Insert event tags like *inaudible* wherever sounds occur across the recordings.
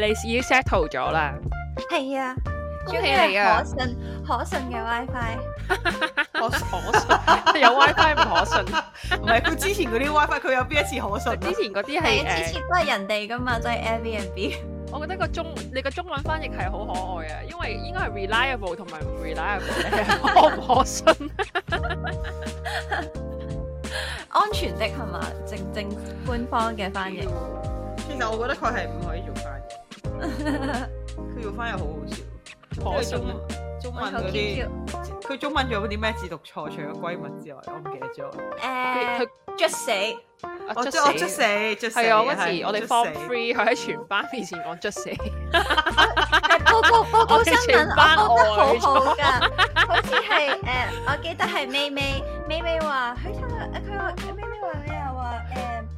你已經 settle 咗啦，係啊，標題嚟噶，可信、可信嘅 WiFi，可可信有 *laughs* WiFi 唔可信，唔係佢之前嗰啲 WiFi，佢有邊一次可信？ *laughs* 之前嗰啲係，次次都係人哋噶嘛，都、就、係、是、Airbnb。 *laughs* 我覺得個中你個中文翻譯係好可愛啊，因為應該係 reliable 同埋唔 reliable 可唔可信？ *laughs* *laughs* 安全的係嘛？正正官方嘅翻譯。其實我覺得佢係唔可以做佢做翻譯好好笑，都係中文啲。佢中文仲有啲咩字讀錯？除咗閨蜜之外，我唔記得咗。誒，佢捽死，捽死，捽死，係啊！嗰次我哋 form three 佢喺全班面前講捽死。煲煲煲報新聞，我報得好好噶，好似係誒，我記得係微微，微微話佢，佢話微微話咩啊？話誒。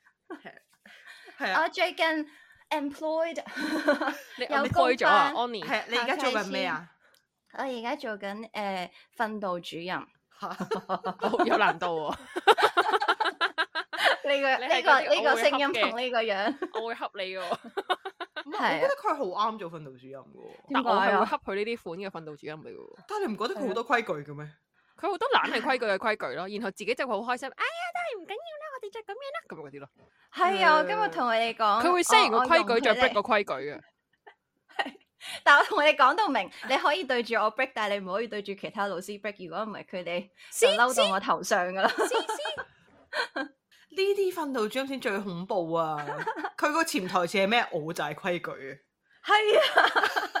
係，啊！ *music* 我最近 employed *laughs* 有工咗啊 Annie 係，你而家做緊咩啊？我而家做緊誒訓導主任，有難度啊！呢 *laughs* 呢個、呢個、呢個聲音同呢個樣， *laughs* *laughs* *laughs* *laughs* 我會恰你噶。唔係，我覺得佢好啱做訓導主任噶。點解啊？恰佢呢啲款嘅訓導主任嚟噶？但係你唔覺得佢好多規矩嘅咩？佢好 *laughs* *laughs* 多懶係規矩嘅規矩咯， *laughs* 然後自己就會好開心。 *laughs* 哎呀，但係唔緊要緊緊。啲就講咩啦，今日嗰啲咯，係啊，今日同我哋講，佢會先完個規矩再逼 r e 個規矩嘅。 *noise* *laughs* 但係我同我哋講到明，你可以對住我 break，但係你唔可以對住其他老師 break。如果唔係，佢哋就嬲到我頭上噶啦。呢啲訓導主先最恐怖啊！佢個潛台詞係咩？我就係規矩。係 *laughs* 啊。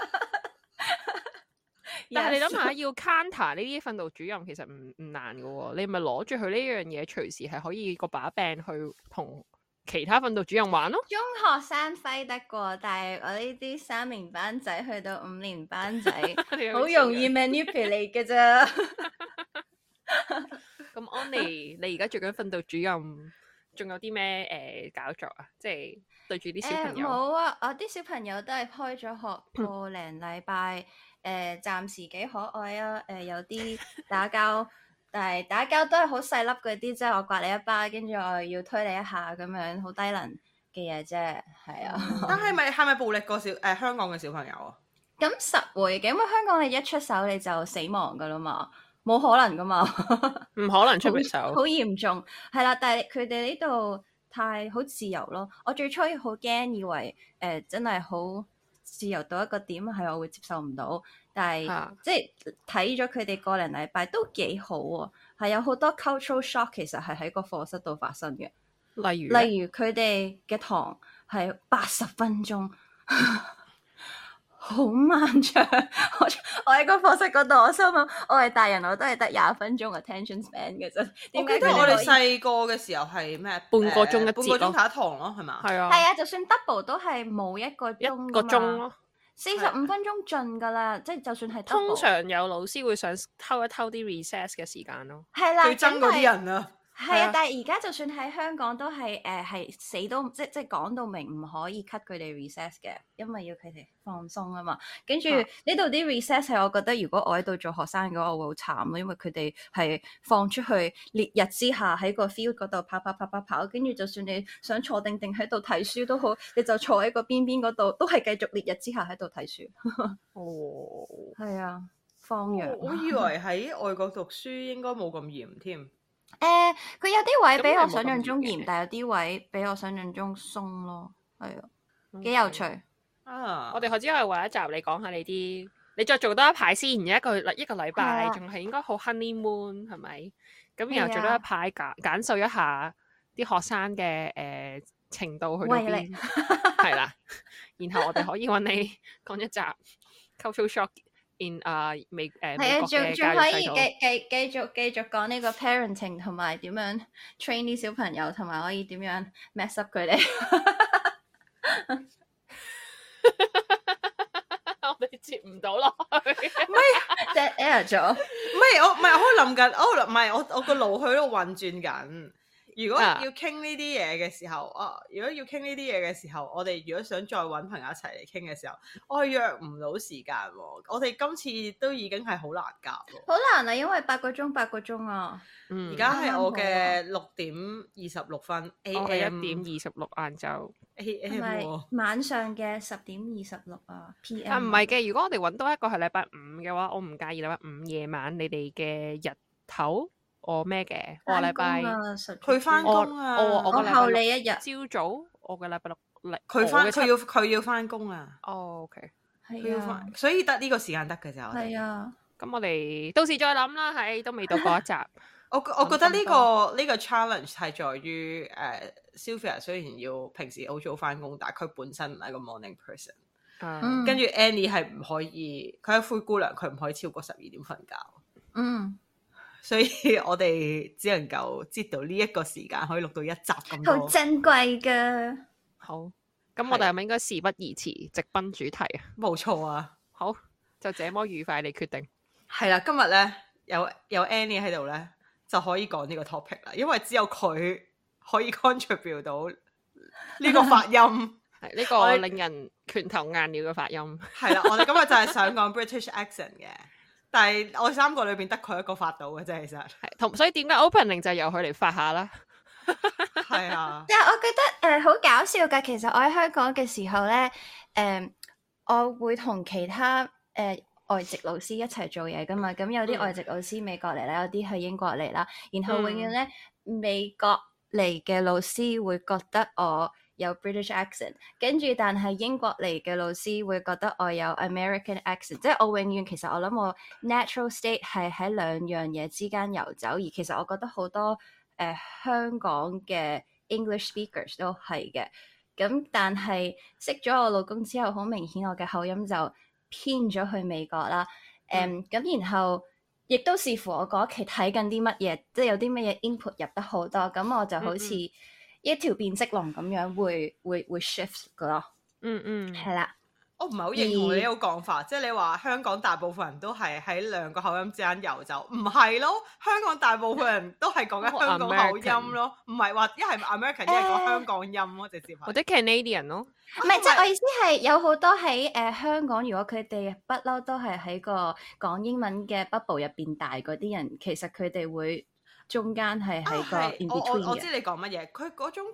*laughs* *noise* *noise* 但係你諗下， *laughs* 要 counter 呢啲訓導主任，其實唔唔難噶喎、哦。你咪攞住佢呢樣嘢，隨時係可以個把柄去同其他訓導主任玩咯、哦。中學生揮得過，但係我呢啲三年班仔去到五年班仔，好 *laughs* 什容易 manipulate 嘅啫。咁安妮，你而家做緊訓導主任，仲有啲咩誒搞作啊？即、就、係、是、對住啲小朋友冇、欸、啊！我啲小朋友都係開咗學個零禮拜。 *laughs* *laughs* 誒、呃，暫時幾可愛啊！誒、呃，有啲打交，但係打交都係好細粒嗰啲，即係我刮你一巴，跟住我要推你一下咁樣，好低能嘅嘢啫，係啊！嗯、 *laughs* 但係咪係咪暴力過小誒、呃？香港嘅小、嗯 *laughs* 嗯小，呃、小朋友啊，咁實回嘅，因為香港你一出手你就死亡噶啦嘛，冇可能噶嘛，唔 *laughs* 可能出手，好嚴 *laughs* 重係啦。但係佢哋呢度太好自由咯，我最初好驚，以為誒、呃呃、真係好。自由到一個點係我會接受唔到，但係、啊、即係睇咗佢哋個零禮拜都幾好喎、啊，係有好多 cultural shock 其實係喺個課室度發生嘅，例如例如佢哋嘅堂係八十分鐘。 *laughs* 好漫長，我我喺個課室嗰度，我心諗我係大人，我都係得廿分鐘 attention span 嘅啫。我記得我哋細個嘅時候係咩？呃、半個鐘嘅，半個鐘下一堂咯，係嘛？係啊，係 *noise* 啊，就算 double 都係冇一個鐘一個鐘咯，四十五分鐘盡㗎啦，即係、啊、就算係通常有老師會想偷一偷啲 recess 嘅時間咯，係啦，憎嗰啲人啊。係啊，但係而家就算喺香港都係誒，係、呃、死都即係即係講到明唔可以 cut 佢哋 recess 嘅，因為要佢哋放鬆啊嘛。跟住呢度啲 recess 係，啊、re 我覺得如果我喺度做學生嘅話，我會好慘咯，因為佢哋係放出去烈日之下喺個 field 嗰度跑跑跑跑跑跑跑，跟住就算你想坐定定喺度睇書都好，你就坐喺個邊邊嗰度，都係繼續烈日之下喺度睇書。 *laughs* 哦，係啊，放羊。我我以為喺外國讀書應該冇咁嚴添。 *laughs* 誒，佢、呃、有啲位，比我，有位比我想象中嚴，但有啲位比我想象中鬆咯，係啊，幾有趣啊！我哋學可以話一集你講下你啲，你再做多一排先，一個一個禮拜仲係、啊、應該好 honey moon 係咪？咁然後做多一排簡簡述一下啲學生嘅誒、呃、程度去到邊，係啦， *laughs* *laughs* *laughs* 然後我哋可以揾你講一集 cultural shock。啊、uh, 美誒係啊，仲、uh, 仲可,可以繼繼繼續繼續講呢個 parenting 同埋點樣 train 啲小朋友，同埋可以點樣 m e *laughs* s *laughs* s up 佢哋？我哋接唔到落去，唔係 error 咗，唔係我唔係我諗緊，哦，唔係我我個腦喺度運轉緊。如果要傾呢啲嘢嘅時候，哦、啊，如果要傾呢啲嘢嘅時候，我哋如果想再揾朋友一齊嚟傾嘅時候，我約唔到時間。我哋今次都已經係好難搞，好難啊，因為八個鐘八個鐘啊。而家係我嘅六點二十六分 A.M.，一點二十六晏晝，晚上嘅十點二十六啊 P.M. 唔係嘅，如果我哋揾多一個係禮拜五嘅話，我唔介意禮拜五夜晚你哋嘅日頭。我咩嘅？我禮拜佢翻工啊！我我後你一日朝早，我個禮拜六嚟。佢翻佢要佢要翻工啊！哦，OK，佢要翻，所以得呢個時間得嘅咋。係啊，咁我哋到時再諗啦。係都未到嗰一集。 *laughs* 我我覺得呢、這個呢、這個 challenge 係在於誒 Sophia 雖然要平時好早翻工，但係佢本身唔係個 morning person。嗯。跟住 Annie 係唔可以，佢一灰姑娘，佢唔可以超過十二點瞓覺。嗯。所以我哋只能夠知道呢一個時間可以錄到一集，咁多好珍貴㗎！好，咁的我哋係咪應該事不宜遲，直奔主題啊？冇錯啊！好，就這麼愉快地決定。係啦，今日咧有有 Annie 喺度咧，就可以講呢個 topic 啦。因為只有佢可以 contribute 到呢個發音，係呢、 *laughs* *laughs* 呢個令人拳頭硬了嘅發音。係啦，我哋今日就係想講 British accent 嘅。 *laughs* 但係我三個裏邊得佢一個發到嘅啫，其實同所以點解 opening 就由佢嚟發下啦？係 *laughs* 啊， *laughs* 但係我覺得誒好、呃、搞笑噶其實我喺香港嘅時候咧，誒、呃、我會同其他誒、呃、外籍老師一齊做嘢噶嘛。咁有啲外籍老師美國嚟啦，有啲去英國嚟啦。然後永遠咧，嗯、美國嚟嘅老師會覺得我。有 British accent，跟住但係英國嚟嘅老師會覺得我有 American accent，即係我永遠其實我諗我 natural state 係喺兩樣嘢之間游走，而其實我覺得好多誒、呃、香港嘅 English speakers 都係嘅，咁但係識咗我老公之後，好明顯我嘅口音就偏咗去美國啦。誒咁、嗯，嗯、然後亦都視乎我嗰期睇緊啲乜嘢，即、就、係、是、有啲乜嘢 input 入得好多，咁我就好似，嗯嗯一條變色龍咁樣會會會 shift 嘅咯，嗯嗯，係、嗯、啦。我唔係好認同你呢個講法，即係你話香港大部分人都係喺兩個口音之間遊走，唔係咯？香港大部分人都係講緊香港口音咯，唔係話一係 American，一係講香港音、呃、咯，直接、啊。或者 Canadian 咯，唔係是即係我意思係有好多喺誒、呃、香港，如果佢哋不嬲都係喺個講英文嘅 bubble 入邊大嗰啲人，其實佢哋會。中間係喺個、啊，我我我知你講乜嘢，佢嗰種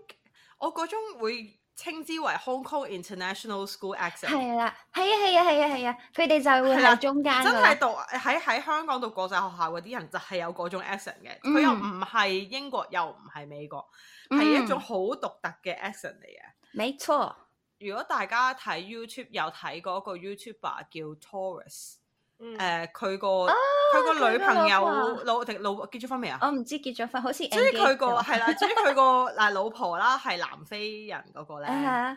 我嗰種會稱之為 Hong Kong International School accent，係啦，係啊，係啊，係啊，係啊，佢哋、啊、就會喺中間、啊，裡真係讀喺喺香港讀國際學校嗰啲人就係有嗰種 accent 嘅，佢又唔係英國又唔係美國，係一種好獨特嘅 accent 嚟嘅、嗯嗯。沒錯，如果大家睇 YouTube 有睇過一個 YouTuber 叫 Taurus。誒，佢個佢個女朋友老定老結咗婚未啊？我唔知結咗婚，好似。總之佢個係啦，總之佢個嗱老婆啦，係南非人嗰個咧，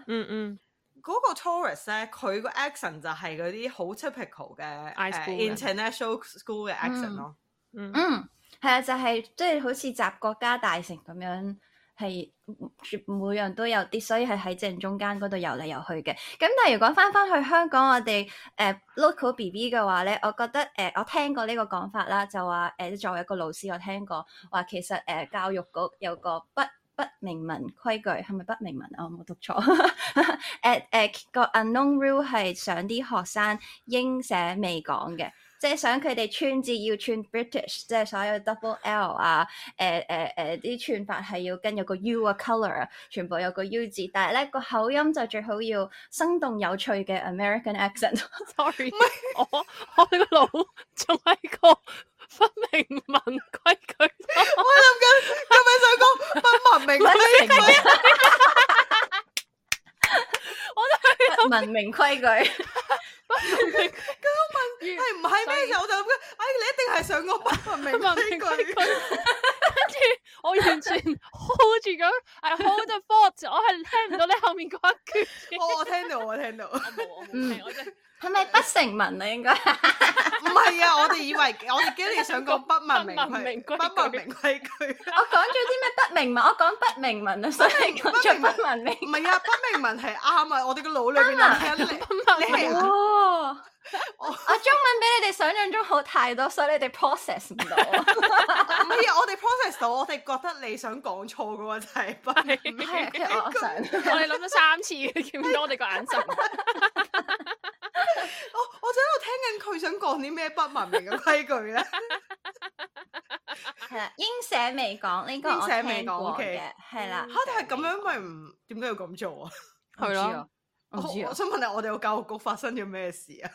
嗯嗯，嗰個 Taurus 咧，佢個 accent 就係嗰啲好 typical 嘅 international school 嘅 accent 咯。嗯，係啊，啊，啊，就係即係好似集國家大成咁樣。係每樣都有啲，所以係喺正中間嗰度游嚟游去嘅。咁但係如果翻翻去香港，我哋誒、呃、local B B 嘅話咧，我覺得誒、呃、我聽過呢個講法啦，就話誒、呃、作為一個老師，我聽過話其實誒、呃、教育局有個不不明文規矩，係咪不，不明文啊？我冇讀錯誒 *laughs* 誒、呃呃、個 unknown rule 係想啲學生應寫未講嘅。即係想佢哋串字要串 British，即係所有 Double L 啊，誒誒誒啲串法係要跟有個 U 啊 colour，全部有個 U 字，但係咧個口音就最好要生動有趣嘅 American accent。Sorry，我我個腦仲係個不明文規矩，我諗緊今日首歌《文明規矩》，我諗緊文明規矩。不佢問係唔係咩有就咁嘅。哎，你一定係上個不文明跟住我完全 hold 住咁，係 hold the fort。我係聽唔到你後面嗰一句。我我聽到我聽到。我冇我冇聽，我真係。係咪不成文嚟應該？唔係啊！我哋以為我哋竟然上個不文明、不文明、不文明規矩。我講咗啲咩不文明？我講不文明啊！所以不文明唔係啊！不文明係啱啊！我哋個腦裏邊係啱不明。哦，我中文比你哋想象中好太多，所以你哋 process 唔到。唔係，我哋 process 到，我哋覺得你想講錯嘅話就係弊。係我想，我哋諗咗三次，見唔到我哋個眼神。我我正喺度聽緊佢想講啲咩不文明嘅規矩咧。係啦，英社未講呢個，英社未講嘅係啦。吓，但係咁樣咪唔點解要咁做啊？係咯。我,我想問下，我哋個教育局發生咗咩事啊？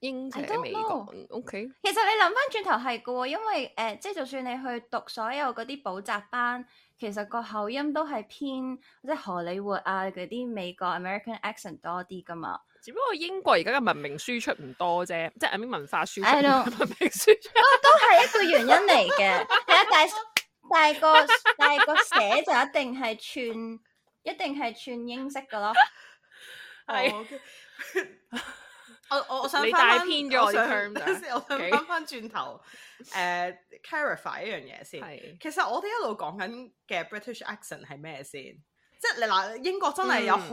英姐未講，OK。其實你諗翻轉頭係嘅，因為誒，即、呃、係就算你去讀所有嗰啲補習班，其實個口音都係偏即係荷里活啊嗰啲美國 American accent 多啲噶嘛。只不過英國而家嘅文明輸出唔多啫，即係文化輸出、don 文,文明輸出都都係一個原因嚟嘅。係啊，但但個但個寫就一定係串，一定係串英式嘅咯。係，我我我想你帶偏咗，我想翻翻轉頭，誒 clarify 一樣嘢先。其實我哋一路講緊嘅 British accent 係咩先？即係嗱，英國真係有好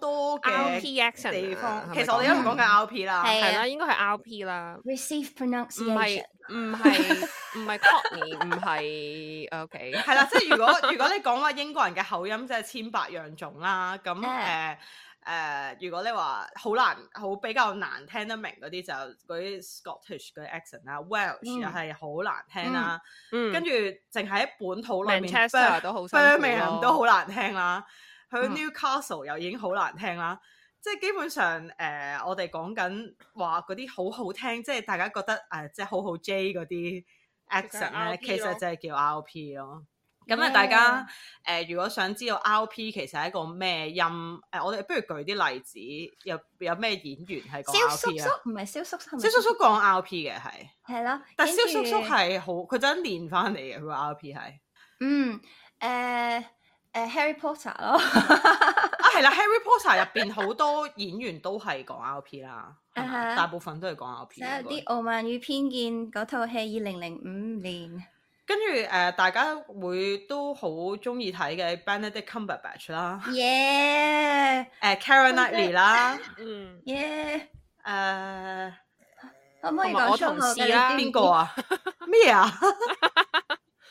多嘅 RP 地方。其實我哋一路講緊 RP 啦，係啦，應該係 RP 啦。Receive pronunciation 唔係，唔係，唔係 copy 唔係 OK。係啦，即係如果如果你講話英國人嘅口音，即係千百樣種啦。咁誒。誒、呃，如果你話好難，好比較難聽得明嗰啲就嗰啲 Scottish 嘅 accent 啦，Welsh、嗯、又係好難聽啦、啊，跟住淨係喺本土裏面 Birmingham 都好難聽啦、啊，喺 Newcastle 又已經好難聽啦，嗯、即係基本上誒、呃，我哋講緊話嗰啲好好聽，即係大家覺得誒、呃、即係好好 J 嗰啲 accent 咧，其實就係叫 RP 咯。咁啊，大家誒 Yeah.、呃，如果想知道 R P 其實係一個咩音，誒、呃，我哋不如舉啲例子，有有咩演員係講 R P 啊？蕭叔叔？唔係蕭叔叔係咪？蕭叔叔講 R P 嘅係係咯，的但係蕭叔叔係好，佢真係練翻嚟嘅，佢 R P 係嗯誒誒、呃呃、Harry Potter 咯 *laughs* *laughs* 啊係啦，Harry Potter 入邊好多演員都係講 R P 啦，大部分都係講 R P。有啲、uh huh. 位傲慢與偏見嗰套戲，二零零五年。跟住誒，大家會都好中意睇嘅 Benedict Cumberbatch 啦 yeah，誒，Keira Knightley 啦，嗯，yeah，誒，可唔可以講出邊個啊？咩啊？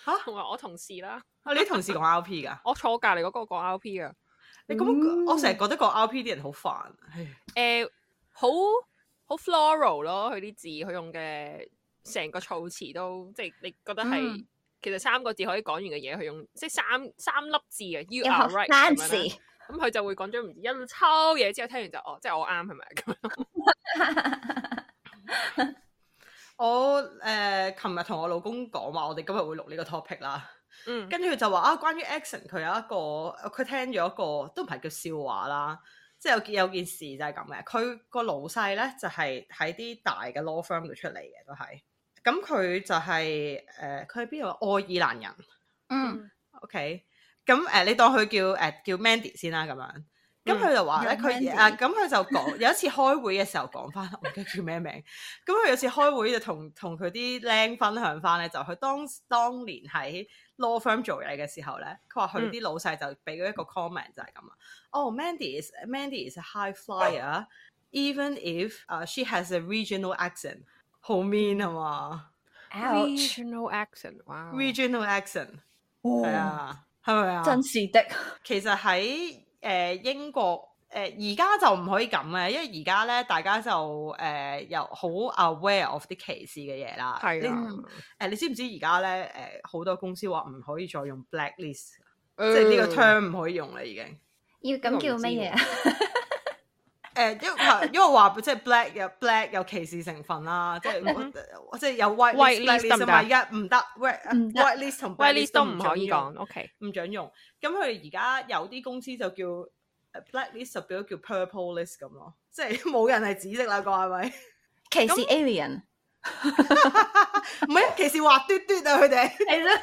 嚇？同埋我同事啦，啊，你啲同事講 R P 噶？我坐隔離嗰個講 R P 噶，你咁，我成日覺得講 R P 啲人好煩，唉，誒，好好 floral 咯，佢啲字，佢用嘅。成個措辭都即係，你覺得係、嗯、其實三個字可以講完嘅嘢，佢用即係三三粒字啊 You are right 咁佢就會講咗唔止一抽嘢之後，聽完就哦，即係我啱係咪咁樣？我誒，琴、呃、日同我老公講話，我哋今日會錄呢個 topic 啦。跟住、嗯、就話啊，關於 accent，佢有一個佢聽咗一個都唔係叫笑話啦，即係有件有件事就係咁嘅。佢個老細咧就係喺啲大嘅 law firm 度出嚟嘅，都係。咁佢就係、是、誒，佢係邊度？愛爾蘭人。嗯、mm. okay.O.K. 咁誒，你當佢叫誒、呃、叫 Mandy 先啦，咁樣。咁佢、mm. 就話咧，佢啊，咁佢就講 *laughs* 有一次開會嘅時候講翻，我唔記得叫咩名。咁佢 *laughs* 有次開會就同同佢啲靚分享翻咧，就佢、是、當當年喺 law firm 做嘢嘅時候咧，佢話佢啲老細就俾咗一個 comment 就係咁啊。哦、mm. oh, Mandy is Mandy is a high flyer,、oh. even if she has a regional accent. 好 mean 啊嘛？Regional accent 哇！Regional accent 係啊，係咪啊？真是的，其實喺誒、呃、英國誒而家就唔可以咁嘅，因為而家咧大家就誒、呃、又好 aware of 啲歧視嘅嘢啦。係啊，誒你，、呃、你知唔知而家咧誒好多公司話唔可以再用 blacklist，、嗯、即係呢個 term 唔、嗯、可以用啦，已經。要咁叫咩嘢？ *laughs* 誒，因、uh, 因為話即係 black 有 black 有歧視成分啦，即係即係有 white、uh、huh, list 咁解，唔得 white list 同、no. black list 都唔可以講，OK 唔准用。咁佢、okay. 而家有啲公司就叫 black list，變咗叫 om, purple list 咁咯，即係冇人係紫色啦，個係咪歧視 alien？唔係歧視滑嘟嘟啊、yeah.，佢哋係咯，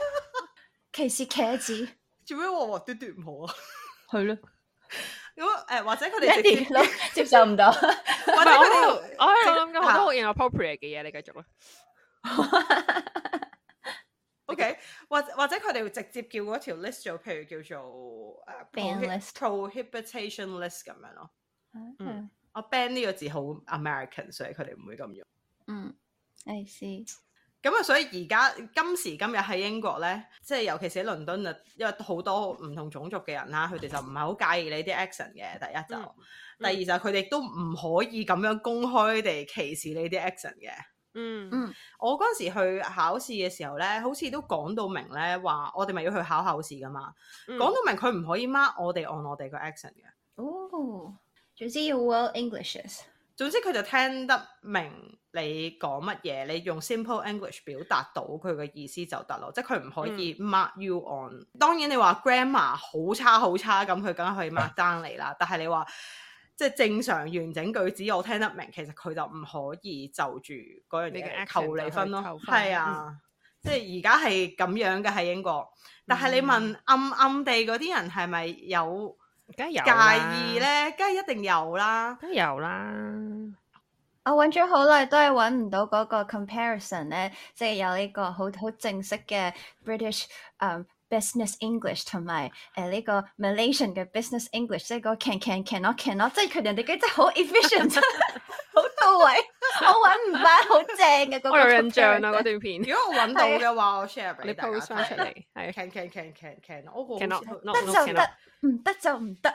歧視茄子做咩滑滑嘟嘟唔好啊？係咯。咁誒，或者佢哋直接接受唔到，或者我我諗緊好多 inappropriate 嘅嘢，你繼續啦。OK，或或者佢哋會直接叫嗰條 list 做，譬如叫做誒 ban list、prohibition list 咁樣咯。嗯，我 ban 呢個字好 American，所以佢哋唔會咁用。嗯，I see。咁啊、嗯，所以而家今時今日喺英國咧，即係尤其是喺倫敦啊，因為好多唔同種族嘅人啦，佢哋就唔係好介意你啲 accent 嘅。第一就，嗯、第二就佢哋都唔可以咁樣公開地歧視你啲 accent 嘅。嗯嗯，我嗰陣時去考試嘅時候咧，好似都講到明咧話，我哋咪要去考考試噶嘛。講、嗯、到明佢唔可以 mark 我哋按我哋個 accent 嘅。哦，總之要 World English 總之佢就聽得明你講乜嘢，你用 simple English 表達到佢嘅意思就得咯，即係佢唔可以 mark you on。嗯、當然你話 grandma 好差好差咁，佢梗係可以 mark 翻你啦。啊、但係你話即係正常完整句子我聽得明，其實佢就唔可以就住嗰樣嘢求離婚咯。係 *laughs* 啊，即係而家係咁樣嘅喺英國。但係你問暗暗地嗰啲人係咪有？有介意咧，梗係一定有啦，梗係有啦。我揾咗好耐，都係揾唔到嗰個 comparison 咧，即係有呢個好好正式嘅 British 誒、um,。business English 同埋誒呢個 Malaysian 嘅 business English，即係個 can can cannot cannot，即係佢哋哋真係好 efficient，好到位，我揾唔翻好正嘅嗰個印象啊嗰段片。如果我揾到嘅話，我 share 俾大家。你 post 翻出嚟，can can can can can，我唔得就得，唔得就唔得。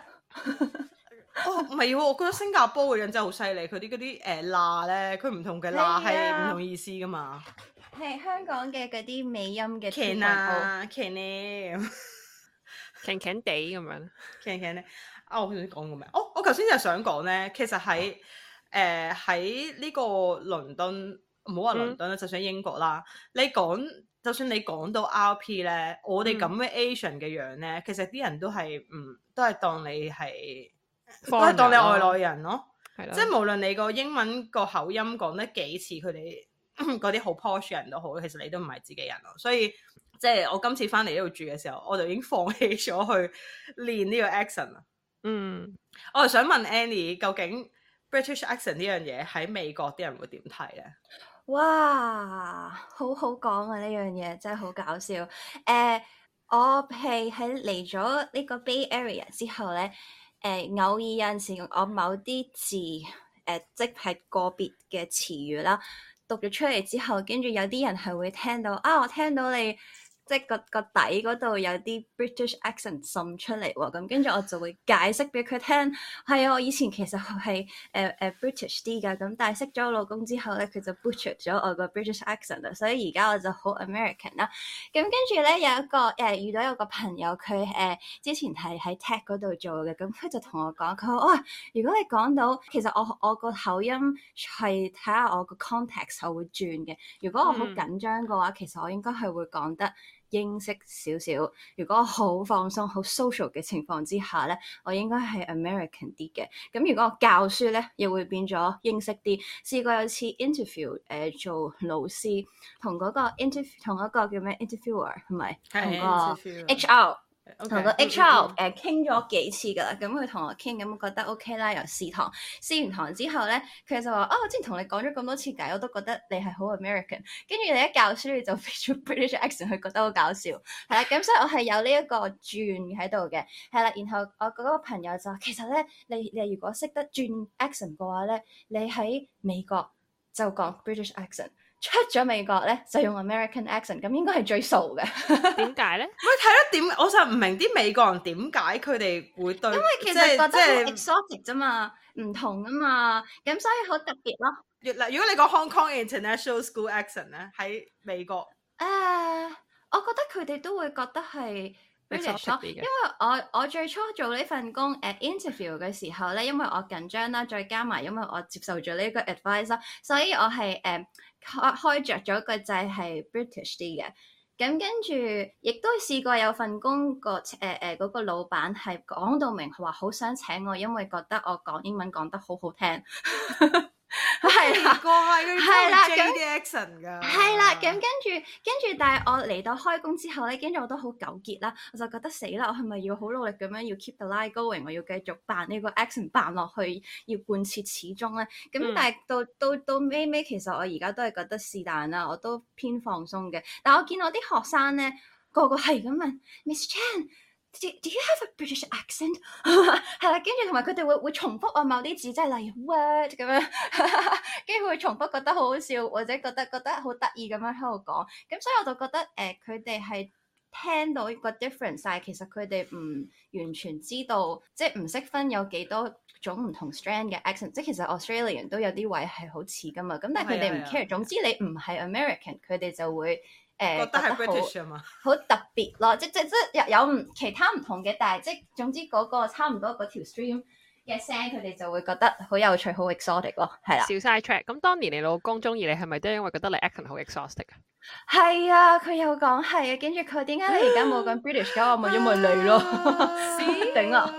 哦，唔係喎，我覺得新加坡嘅人真係好犀利，佢啲嗰啲誒嗱咧，佢唔同嘅嗱係唔同意思噶嘛。係香港嘅嗰啲美音嘅 name，name，名名地咁樣，名名啊！我頭先講嘅咩？我我頭先就係想講咧，其實喺誒喺呢個倫敦，唔好話倫敦啦，就算英國啦，你講就算你講到 RP 咧，我哋咁嘅 Asian 嘅樣咧，其實啲人都係唔都係當你係都係當你外來人咯，即係無論你個英文個口音講得幾似佢哋，嗰啲好 posh 人都好，其實你都唔係自己人咯。所以即係我今次翻嚟呢度住嘅時候，我就已經放棄咗去練呢個 accent 啦。嗯，我就想問 Annie，究竟 British accent 呢樣嘢喺美國啲人會點睇咧？哇，好好講啊！呢樣嘢真係好搞笑。誒、呃，我係喺嚟咗呢個 Bay Area 之後咧，誒、呃、偶爾有陣時我某啲字誒、呃，即係個別嘅詞語啦。讀咗出嚟之後，跟住有啲人係會聽到啊！我聽到你。即係個個底嗰度有啲 British accent 滲出嚟喎，咁跟住我就會解釋俾佢聽，係、哎、啊，我以前其實係誒誒 British 啲㗎，咁但係識咗我老公之後咧，佢就 butcher 咗我個 British accent，所以而家我就好 American 啦。咁跟住咧有一個誒、啊、遇到有個朋友，佢誒、啊、之前係喺 Tech 嗰度做嘅，咁佢就同我講，佢話哇，如果你講到其實我我個口音係睇下我個 context，我會轉嘅。如果我好緊張嘅話，mm hmm. 其實我應該係會講得，英式少少，如果好放鬆、好 social 嘅情況之下咧，我應該係 American 啲嘅。咁如果我教書咧，又會變咗英式啲。試過有次 interview 誒、呃、做老師，同嗰個 interview 同一個叫咩 interviewer 係咪？係啊的。H R 的。我同個 H.R. 誒傾咗幾次噶啦，咁佢同我傾，咁我覺得 OK 啦，又試堂，試完堂之後咧，佢就話：哦，我之前同你講咗咁多次偈，我都覺得你係好 American，跟住你一教書你就變咗 British accent，佢覺得好搞笑。係啦，咁所以我係有呢一個轉喺度嘅，係啦。然後我嗰個朋友就話，其實咧，你你如果識得轉 accent 嘅話咧，你喺美國就講 British accent。出咗美國咧，就用 American accent，咁應該係最傻嘅。點解咧？喂，睇到點？我實唔明啲美國人點解佢哋會對，其實覺得 exotic 啫嘛，唔同啊嘛，咁所以好特別咯。若如果你講 Hong Kong International School accent 咧，喺美國，誒，uh, 我覺得佢哋都會覺得係。Really 因為我我最初做呢份工，誒、uh, interview 嘅時候咧，因為我緊張啦，再加埋因為我接受咗呢個 advice，所以我係誒開開著咗個掣係 British 啲嘅。咁跟住，亦都試過有份工個誒誒嗰個老闆係講到明佢話，好想請我，因為覺得我講英文講得好好聽。 *laughs* 係啦，係啦，咁跟住，跟住，但係我嚟到開工之後咧，跟住我都好糾結啦，我就覺得死啦，我係咪要好努力咁樣要 keep the line going，我要繼續扮呢個 action，扮落去，要貫徹始終咧。咁但係到、嗯、到到尾尾，其實我而家都係覺得是但啦，我都偏放鬆嘅。但係我見到我啲學生咧，個個係咁問，Miss Chan。Do you have a British accent？係 *laughs* 啦，跟住同埋佢哋會會重複啊某啲字，即係例如 word 咁樣，跟住會重複覺得好好笑，或者覺得覺得好得意咁樣喺度講。咁所以我就覺得誒，佢哋係聽到個 difference，但其實佢哋唔完全知道，即係唔識分有幾多種唔同 strand 嘅 accent。即係其實 Australian 都有啲位係好似噶嘛，咁但係佢哋唔 care。總之你唔係 American，佢哋就會， *music* 覺得係 British 啊嘛，好 *music* *music* 特別咯，即即即有有唔其他唔同嘅，但係即總之嗰、那個差唔多嗰條 stream 嘅聲，佢哋就會覺得好有趣，好 exotic 咯，係、啊、啦。小 side track，咁 *laughs* 當年你老公中意你係咪都因為覺得你 accent 好 exotic 啊？係啊，佢又講係啊，跟住佢點解你而家冇講 British 嘅我咪因為你咯，頂 *noise* 啊楽，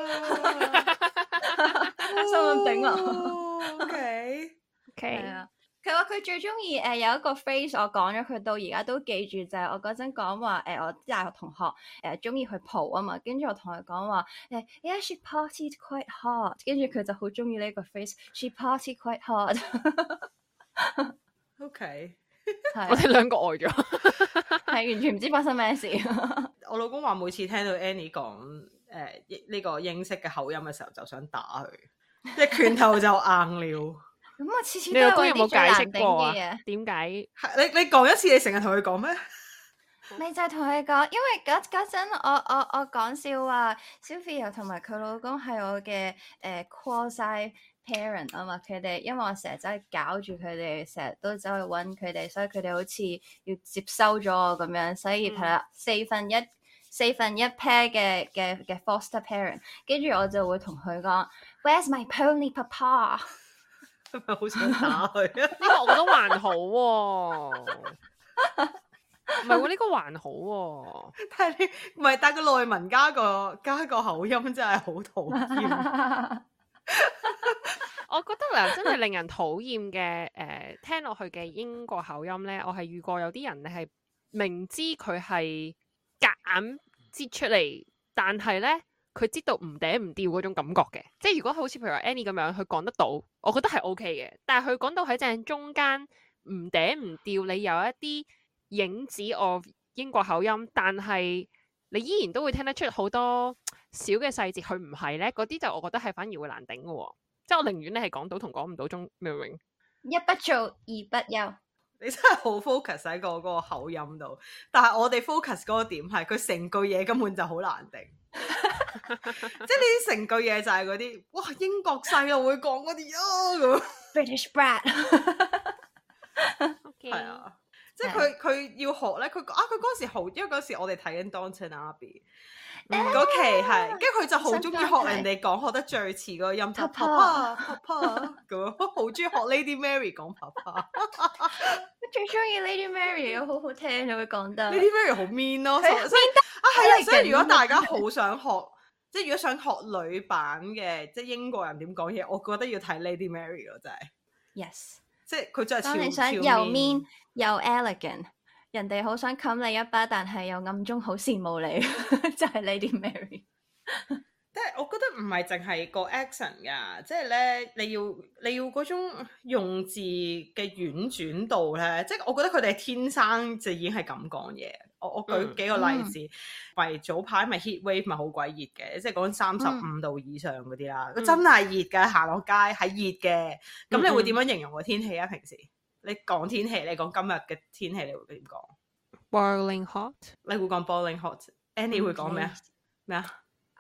真係頂啊，OK OK。佢話佢最中意誒有一個 phrase 我講咗佢到而家都記住，就係、是、我嗰陣講話誒，我啲大學同學誒中意去蒲啊嘛，跟住我同佢、呃、講話誒，Yeah，she partied quite hard，跟住佢就好中意呢個 phrase，she partied quite hard。Ase, OK，我哋兩個呆咗，係 *laughs* 完全唔知發生咩事。 *laughs* 我老公話每次聽到 Annie 講誒呢、呃這個英式嘅口音嘅時候，就想打佢，一拳頭就硬了。 *laughs* 咁、嗯、我次次都係嗰啲最難頂嘅嘢，點解？你你講一次，你成日同佢講咩？咪 *laughs* 就係同佢講，因為嗰嗰陣我我我，我講笑話，Sophia 同埋佢老公係我嘅誒 quasi parent 啊嘛，佢、呃、哋因為我成日走去搞住佢哋，成日都走去揾佢哋，所以佢哋好似要接收咗我咁樣，所以係啦、 *laughs* 嗯，四分一四分一 pair 嘅嘅嘅 foster parent，跟住我就會同佢講，Where's my pony papa？係咪好想打佢？呢 *laughs* 個我覺得還好，啊，唔係喎，呢、這個還好，啊但，但係你唔係，但係個內文加個加個口音真係好討厭。 *laughs* *laughs* 我覺得咧，真係令人討厭嘅。誒、呃，聽落去嘅英國口音咧，我係遇過有啲人咧，係明知佢係夾硬擠出嚟，但係咧。佢知道唔嗲唔吊嗰種感覺嘅，即係如果好似譬如話 Annie 咁樣，佢講得到，我覺得係 OK 嘅。但係佢講到喺正中間唔嗲唔吊，你有一啲影子我英國口音，但係你依然都會聽得出好多小嘅細節，佢唔係咧，嗰啲就我覺得係反而會難頂嘅，哦。即係我寧願你係講到同講唔到中。明一不做二不休。你真係好 focus 喺個嗰口音度，但係我哋 focus 嗰個點係佢成句嘢根本就好難定，即係呢啲成句嘢就係嗰啲哇英國細路會講嗰啲啊，咁 British brat 係啊。即係佢佢要學咧，佢啊佢嗰時好，因為嗰時我哋睇緊《Downton Abbey》嗰期係，跟住佢就好中意學人哋講學得最遲個音，爸爸爸爸咁樣，好中意學 Lady Mary 講爸爸。我最中意 Lady Mary，好好聽，佢講得。Lady Mary 好 mean 咯 mean 得啊係啊！所以如果大家好想學，即係如果想學女版嘅，即係英國人點講嘢，我覺得要睇 Lady Mary 咯，真係。Yes. 即係佢真係超，當你想又 mean 又 elegant，人哋好想冚你一巴，但係又暗中好羨慕你，就係 Lady Mary。即係我覺得唔係淨係個 action 噶，即係咧你要你要嗰種用字嘅婉轉度咧，即係我覺得佢哋天生就已經係咁講嘢。我我舉幾個例子，咪、嗯嗯、早排咪 heat wave 咪好鬼熱嘅，即係講三十五度以上嗰啲啦。嗯、真係熱嘅，行落街係熱嘅。咁你會點樣形容個天氣啊？平時你講天氣，你講今日嘅天氣，你會點講？Boiling hot。你會講 boiling hot，Annie 會講咩啊？咩啊？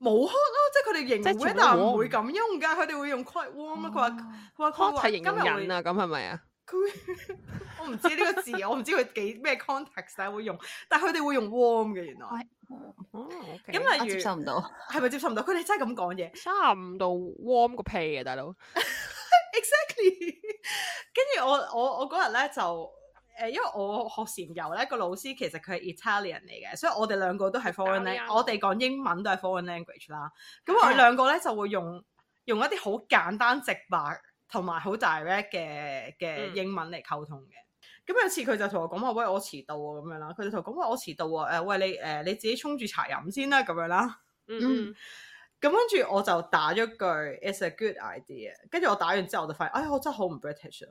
冇 hot 咯，即係佢哋形容咧，但係唔會咁用噶，佢哋會用 quite warm 咯。佢話佢話佢話今日會啊，咁係咪啊？佢我唔知呢個字， *laughs* 我唔知佢幾咩 context 會用，但係佢哋會用 warm 嘅，原來、哦。咁、okay、例如、啊、接受唔到，係咪接受唔到？佢哋真係咁講嘢，卅五度 warm 個屁啊，大佬 *laughs* ！Exactly。 *laughs* 跟住我我我嗰日咧就。誒，因為我學潛遊咧，個老師其實佢係 Italian 嚟嘅，所以我哋兩個都係 foreign language，我哋講英文都係 foreign language 啦。咁我哋兩個咧就會用用一啲好簡單直白同埋好 direct 嘅嘅英文嚟溝通嘅。咁有次佢就同我講話，喂，我遲到啊咁樣啦。佢就同我講話我遲到啊，喂，你誒，你自己衝住茶飲先啦咁樣啦。嗯，咁跟住我就打咗句 It's a good idea。跟住我打完之後，我就發現，哎我真係好唔 British 啊！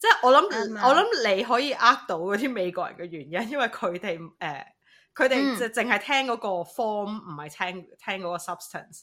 即係我諗，我諗 I know. 你可以呃到嗰啲美國人嘅原因，因為佢哋誒，佢哋淨淨係聽嗰個 form，唔係、嗯、聽聽嗰個 substance。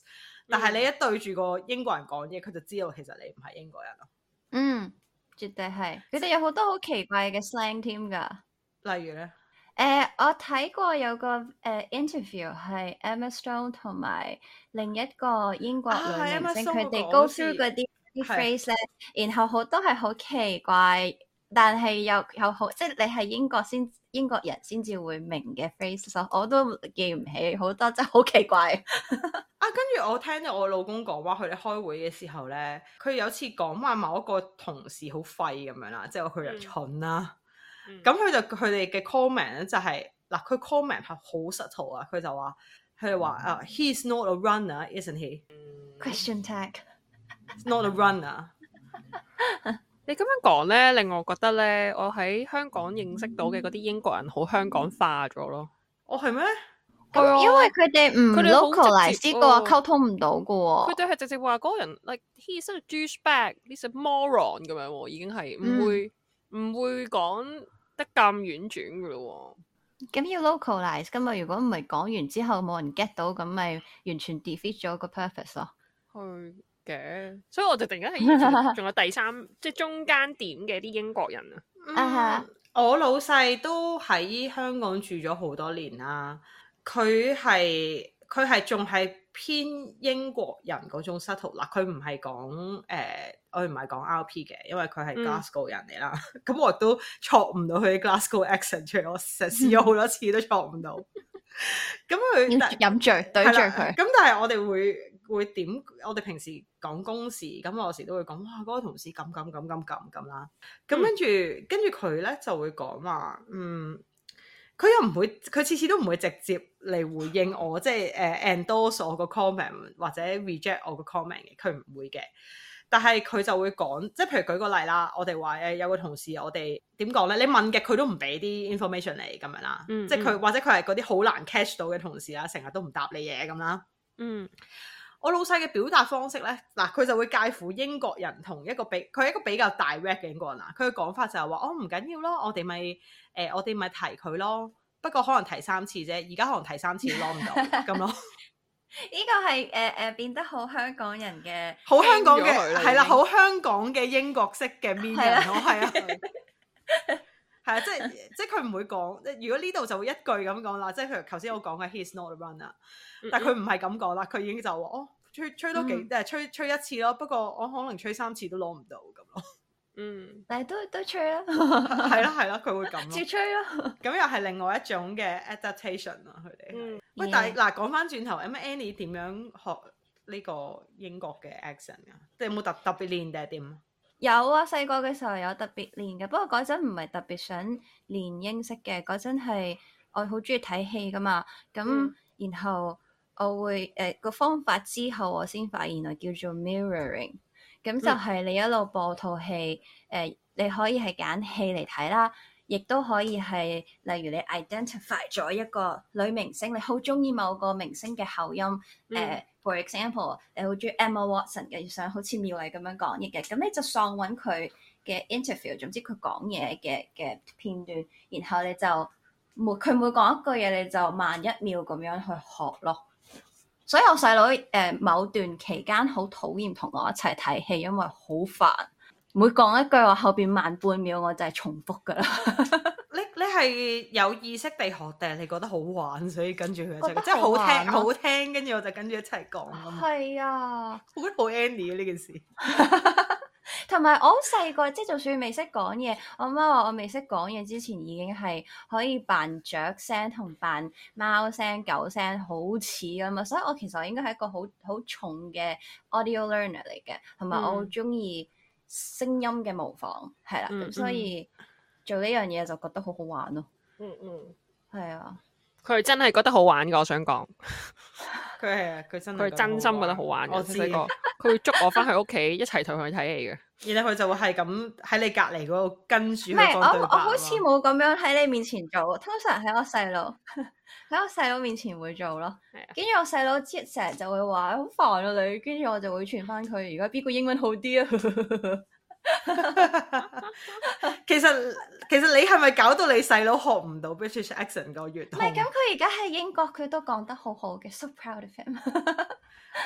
但係你一對住個英國人講嘢，佢就知道其實你唔係英國人咯。嗯，絕對係。佢哋有好多好奇怪嘅 slang 添噶。例如咧？誒、呃，我睇過有個誒、uh, interview 係 Emma Stone 同埋另一個英國女明星，佢哋 go through 嗰啲。啲 phrase 咧，然後好多係好奇怪，但係又又好，即係你係英國先，英國人先至會明嘅 phrase，所以我都記唔起好多，真係好奇怪。 *laughs* 啊，跟住我聽到我老公講話，佢哋開會嘅時候咧，佢有次講話某一個同事好廢咁樣啦，即係佢人蠢啦，咁佢就佢哋嘅 comment 咧就係，嗱，佢 comment 係好 subtle 啊，佢就話，佢話啊，he's not a runner，isn't he？question tag。Not a runner 啊。你咁樣講咧，令我覺得咧，我喺香港認識到嘅嗰啲英國人好香港化咗咯。哦，係咩？因為佢哋唔 localize 呢個溝通唔到噶。佢哋係直接話嗰個人 like he is a douchebag, he is a moron 咁樣，已經係唔、嗯、會唔會講得咁婉轉噶咯。咁要 localize 噶嘛。如果唔係講完之後冇人 get 到，咁咪完全 defeat 咗個 purpose 咯。去。嘅，所以我就突然間係依邊仲有第三， *laughs* 即係中間點嘅啲英國人啊、嗯。我老細都喺香港住咗好多年啦，佢係佢係仲係偏英國人嗰種失途嗱，佢唔係講誒，我唔係講 L.P. 嘅，因為佢係 g l a s、嗯、s s c h o o l 人嚟啦。咁我都錯唔到佢啲 g l a s s s c h o o l accent，除我實試咗好多次都錯唔到。咁佢但飲醉，對住佢。咁但係我哋會。會點？我哋平時講公事咁，我有時都會講哇，嗰個同事咁咁咁咁咁咁啦。咁跟住，跟住佢咧就會講嘛，嗯。佢又唔會，佢次次都唔會直接嚟回應我，即係誒 endorse 我個 comment 或者 reject 我個 comment 嘅，佢唔會嘅。但係佢就會講，即係譬如舉個例啦，我哋話誒有個同事，我哋點講咧？你問嘅佢都唔俾啲 information 你咁樣啦。嗯嗯。即係佢或者佢係嗰啲好難 catch 到嘅同事啦，成日都唔答你嘢咁啦。嗯。我老細嘅表達方式呢，嗱佢就會介乎英國人同一個比佢係一個比較大 red 嘅英國人、哦、啦。佢嘅講法就係話，哦唔緊要咯，我哋咪誒我哋咪提佢咯，不過可能提三次啫，而家可能提三次攞唔到咁 *laughs* 咯。呢個係誒誒變得香好香港人嘅，好香港嘅係啦，好香港嘅英國式嘅 man 咯，係啊、 *laughs* 哦。 *laughs* 係 *laughs* 啊，即係即係佢唔會講，即係如果呢度就會一句咁講啦，即係譬如頭先我講嘅，he's i not run 啦，但係佢唔係咁講啦，佢已經就哦，吹吹多幾誒，吹吹一次咯，不過我可能吹三次都攞唔到咁咯。嗯，但係都都吹啦，係啦係啦，佢會咁照吹咯。咁又係另外一種嘅 adaptation 啦，佢哋、嗯。喂，但係嗱，講翻轉頭，咁 Annie 點樣學呢個英國嘅 accent 啊？你冇搭 double in t h a 啲嗎？有有啊，細個嘅時候有特別練嘅，不過嗰陣唔係特別想練英式嘅，嗰陣係我好中意睇戲㗎嘛，咁然後我會誒個、呃、方法之後我先發現，叫做 mirroring，咁就係你一路播一套戲，誒、呃、你可以係揀戲嚟睇啦。亦都可以係，例如你 identify 咗一個女明星，你好中意某個明星嘅口音，誒，for example，你好中意 Emma Watson 嘅，想好似妙麗咁樣講嘢嘅，咁你就喪揾佢嘅 interview，總之佢講嘢嘅嘅片段，然後你就每佢每講一句嘢，你就慢一秒咁樣去學咯。所以我細佬誒某段期間好討厭同我一齊睇戲，因為好煩。每講一句，我後邊慢半秒我就係重複噶啦。你你係有意識地學定係你覺得好玩？所以跟住佢一即係好聽好聽，跟住我就跟住一齊講。係 *laughs* 對啊，好好 Annie 啊！呢件事同埋我好細個，即係就算未識講嘢，我媽話我未識講嘢之前已經係可以扮雀聲同扮貓聲、狗聲好似啊嘛。所以我其實我應該係一個好好重嘅 audio learner 嚟嘅，同埋我好中意。聲音嘅模仿係啦，嗯、所以、嗯、做呢樣嘢就覺得好好玩咯、嗯。嗯嗯，係啊的，佢真係覺得好玩嘅，我想講。佢係佢真佢 *laughs* 真心覺得好玩嘅，我知。佢會捉我翻去屋企一齊同佢睇戲嘅。然後佢就會係咁喺你隔籬嗰度跟住去當對白。唔係，我我好似冇咁樣喺你面前做，通常喺我細路。 *laughs* 喺我細佬面前會做咯，跟住 *noise* 我細佬即成日就會話好煩啊你，跟住我就會傳翻佢而家邊個英文好啲啊？其實其實你係咪搞到你細佬學唔到 British accent 個閱讀？唔係咁，佢而家喺英國佢都講得好好嘅，so proud of him。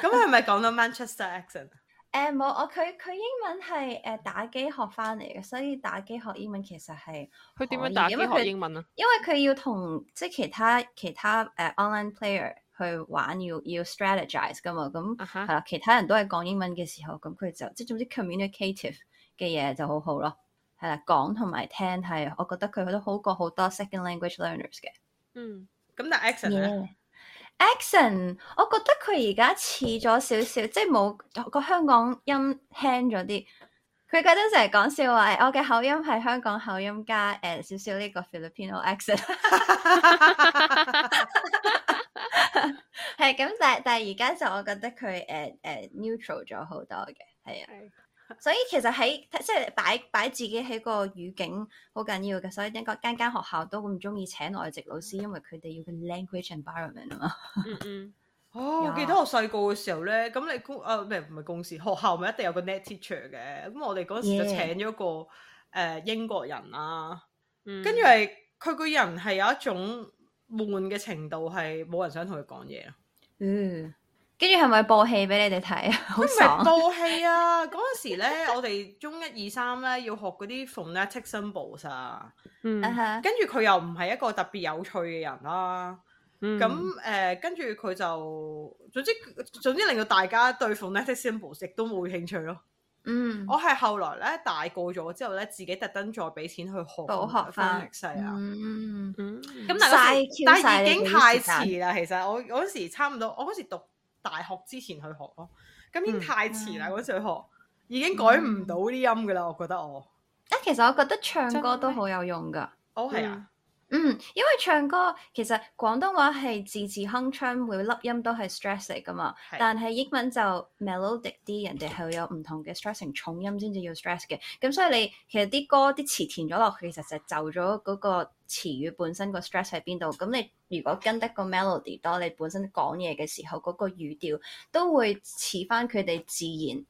咁係咪講到 Manchester accent？誒，冇我佢佢英文係誒、呃、打機學翻嚟嘅，所以打機學英文其實係。佢點樣打機學英文啊？因為佢要同即係其他其他誒、呃、online player 去玩，要要 strategize 噶嘛，咁係啦。Uh huh. 其他人都係講英文嘅時候，咁佢就即係總之 communicative 嘅嘢，就好好咯。係啦，講同埋聽係，我覺得佢都好過好多 second language learners 嘅、嗯。嗯，咁但係、yeah. x Accent，我覺得佢而家似咗少少，即係冇個香港音輕咗啲。佢覺得成日講笑話，我嘅口音係香港口音加誒、呃、少少呢個 Filipino accent。係咁，但但而家就我覺得佢誒誒 neutral 咗好多嘅，係啊。所以其實喺即係擺擺自己喺個語境好緊要嘅，所以點解間間學校都咁中意請外籍老師，因為佢哋要個 language environment 啊嘛。嗯嗯。哦，我記得我細個嘅時候咧，咁你公啊，唔係唔係公司學校咪一定有個 NET teacher 嘅。咁我哋嗰時就請咗個誒 Yeah.、呃、英國人啦、啊。跟住係佢個人係有一種悶嘅程度係冇人想同佢講嘢啦。嗯、mm。Hmm. 跟住係咪播戲俾你哋睇啊？都唔係播戲啊！嗰陣時咧，我哋中一二三咧要學嗰啲 phonetic symbols 啊。嗯，嗯，嗯，跟住佢又唔係一個特別有趣嘅人啦。咁誒，跟住佢就，總之總之令到大家對、uh oui、phonetic symbols 亦都冇興趣咯。嗯，我係後來咧大個咗之後咧，自己特登再俾錢去學，補學翻歷史啊。嗯咁但係但係已經太遲啦。其實我嗰時差唔多，我嗰時讀。大學之前去學咯，已經太遲啦！嗰、嗯、時去學、嗯、已經改唔到啲音噶啦，嗯、我覺得我啊，其實我覺得唱歌都好有用噶，哦，係啊。嗯嗯，因為唱歌其實廣東話係字字鏗鏘，每粒音都係 stress 嚟噶嘛。是但係英文就 melodic 啲，人哋係有唔同嘅 stressing 重音先至要 stress 嘅。咁所以你其實啲歌啲詞填咗落去，其實就就咗嗰個詞語本身個 stress 喺邊度。咁你如果跟得個 melody 多，你本身講嘢嘅時候嗰個語調都會似翻佢哋自然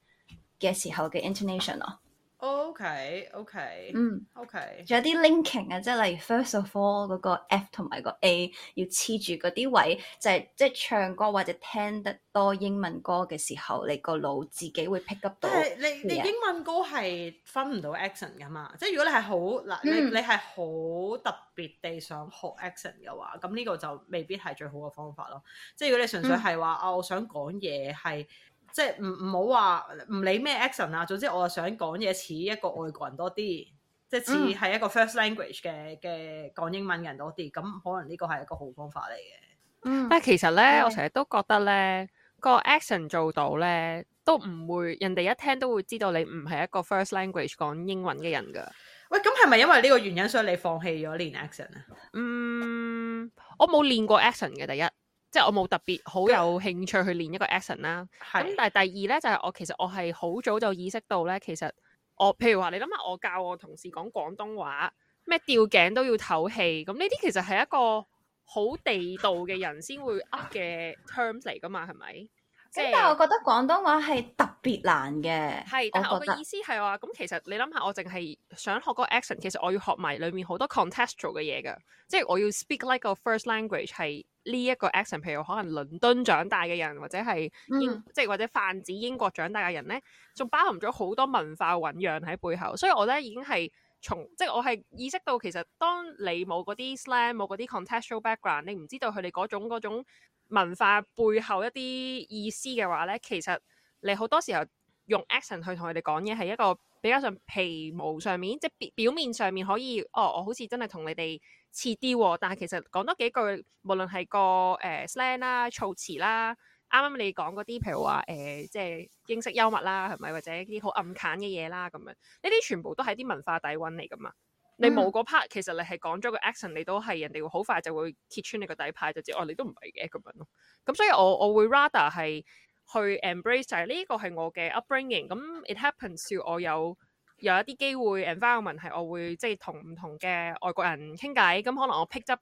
嘅時候嘅 intonation 咯。OK，OK，Okay ,、okay, 嗯，OK，仲有啲 linking 啊，即係例如 first of all 嗰個 F 同埋個 A 要黐住嗰啲位，就係即係唱歌或者聽得多英文歌嘅時候，你個腦自己會 pick up 到。但係你你英文歌係分唔到 accent 噶嘛？即係如果你係好嗱，你你係好特別地想學 accent 嘅話，咁呢個就未必係最好嘅方法咯。即係如果你純粹係話、嗯、啊，我想講嘢係。即係唔唔好話唔理咩 action 啊，總之我係想講嘢似一個外國人多啲，嗯、即係似係一個 first language 嘅嘅講英文人多啲，咁可能呢個係一個好方法嚟嘅。但係、嗯、其實咧，的我成日都覺得咧、嗰個 action 做到咧都唔會，人哋一聽都會知道你唔係一個 first language 講英文嘅人噶。喂，咁係咪因為呢個原因所以你放棄咗練 action 啊？嗯，我冇練過 action 嘅第一。即係我冇特別好有興趣去練一個 accent 啦，咁的但係第二咧就係、是、我其實我係好早就意識到咧，其實我譬如話你諗下我教我同事講廣東話，咩吊頸都要唞氣，咁呢啲其實係一個好地道嘅人先會噏嘅 terms 嚟㗎嘛，係咪？咁但係我覺得廣東話係特別難嘅，係，但係我嘅意思係話，咁 *noise* 其實你諗下，我淨係想學個 accent，其實我要學埋裡面好多 contextual 嘅嘢㗎，即係我要 speak like 個 first language 係呢一個 accent，譬如可能倫敦長大嘅人，或者係英，即係、嗯、或者泛指英國長大嘅人咧，仲包含咗好多文化醖釀喺背後，所以我咧已經係。從即係我係意識到，其實當你冇嗰啲 slang，冇嗰啲 contextual background，你唔知道佢哋嗰種嗰種文化背後一啲意思嘅話咧，其實你好多時候用 action 去同佢哋講嘢係一個比較上皮毛上面，即係表面上面可以哦，我好似真係同你哋似啲喎，但係其實講多幾句，無論係個誒、uh, slang 啦、措辭啦。啱啱你講嗰啲，譬如話誒、呃，即係英式幽默啦，係咪？或者啲好暗鏟嘅嘢啦，咁樣呢啲全部都係啲文化底蘊嚟㗎嘛。Mm hmm. 你冇嗰 part，其實你係講咗個 action，你都係人哋會好快就會揭穿你個底牌，就知哦，你都唔係嘅咁樣咯。咁、嗯、所以我我會 rather 係去 embrace 係呢一個係我嘅 upbringing、嗯。咁 it happens 我有有一啲機會 environment 係我會即係、就是、同唔同嘅外國人傾偈，咁、嗯、可能我 pick up。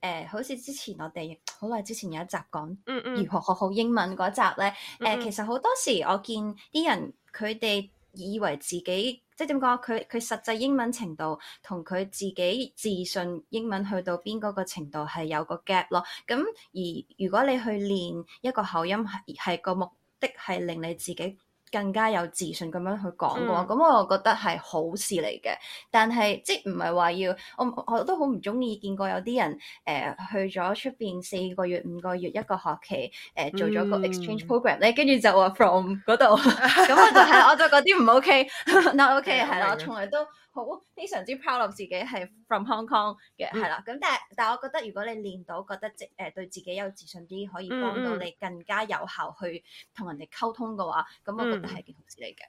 誒，uh, 好似之前我哋好耐之前有一集講，嗯嗯、mm，hmm. 如何學好英文嗰集咧？誒、uh, mm，hmm. 其實好多時我見啲人，佢哋以為自己即係點講，佢、就、佢、是、實際英文程度同佢自己自信英文去到邊個程度係有個 gap 咯。咁而如果你去練一個口音，係係個目的係令你自己。更加有自信咁、mm. 樣去講嘅話，咁我覺得係好事嚟嘅。但係即係唔係話要我我都好唔鍾意見過有啲人誒、呃、去咗出邊四個月、五個月一個學期誒、呃、做咗個 exchange program 咧、mm.，跟住就話 from 嗰度，咁我就係、就是、我就嗰啲唔 OK，not OK 係啦，我從來都。好非常之 proud 自己係 from Hong Kong 嘅係啦，咁、嗯、但係但係我覺得如果你練到覺得即誒對自己有自信啲，可以幫到你更加有效去同人哋溝通嘅話，咁、嗯、我覺得係件好事嚟嘅。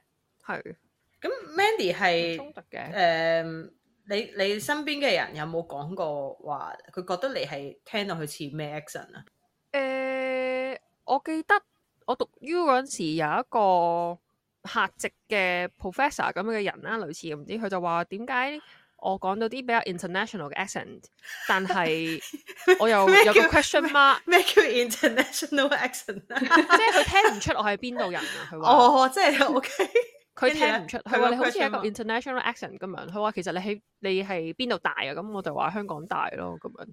係是，咁 Mandy 係誒，你你身邊嘅人有冇講過話佢覺得你係聽到佢似咩 accent 啊？誒，uh, 我記得我讀 U 嗰陣時有一個。客席嘅 professor 咁嘅人啦，類似唔知佢就話點解我講到啲比較 international 嘅 accent，但係我又有個 question mark 咩叫 international accent？即係佢聽唔出我係邊度人啊？佢話哦，即係 OK，佢聽唔出佢話你好似係一個 international accent 咁樣，佢話其實你喺你係邊度大啊？咁我就話香港大咯，咁樣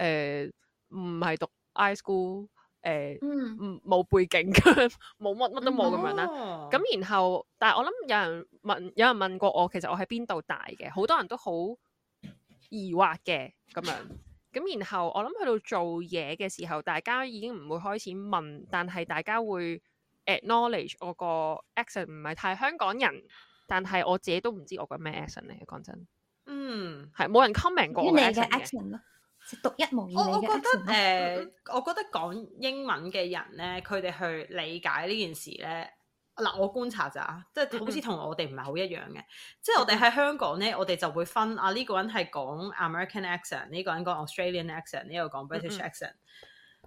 誒，唔係讀 I school。誒，冇、呃嗯、背景冇乜乜都冇咁、嗯哦、樣啦。咁然後，但係我諗有人問，有人問過我，其實我喺邊度大嘅，好多人都好疑惑嘅咁樣。咁然後我諗去到做嘢嘅時候，大家已經唔會開始問，但係大家會 acknowledge 我個 accent 唔係太香港人，但係我自己都唔知我個咩 accent 嚟，講真。嗯，係冇人 comment 過嘅 accent 嘅。獨一無二嚟嘅。我我覺得誒，我覺得講、呃、英文嘅人咧，佢哋去理解呢件事咧，嗱，我觀察咋，即係好似同我哋唔係好一樣嘅。Uh huh. 即係我哋喺香港咧，我哋就會分啊呢、這個人係講 American accent，呢個人講 Australian accent，呢個講 British accent。誒、uh huh.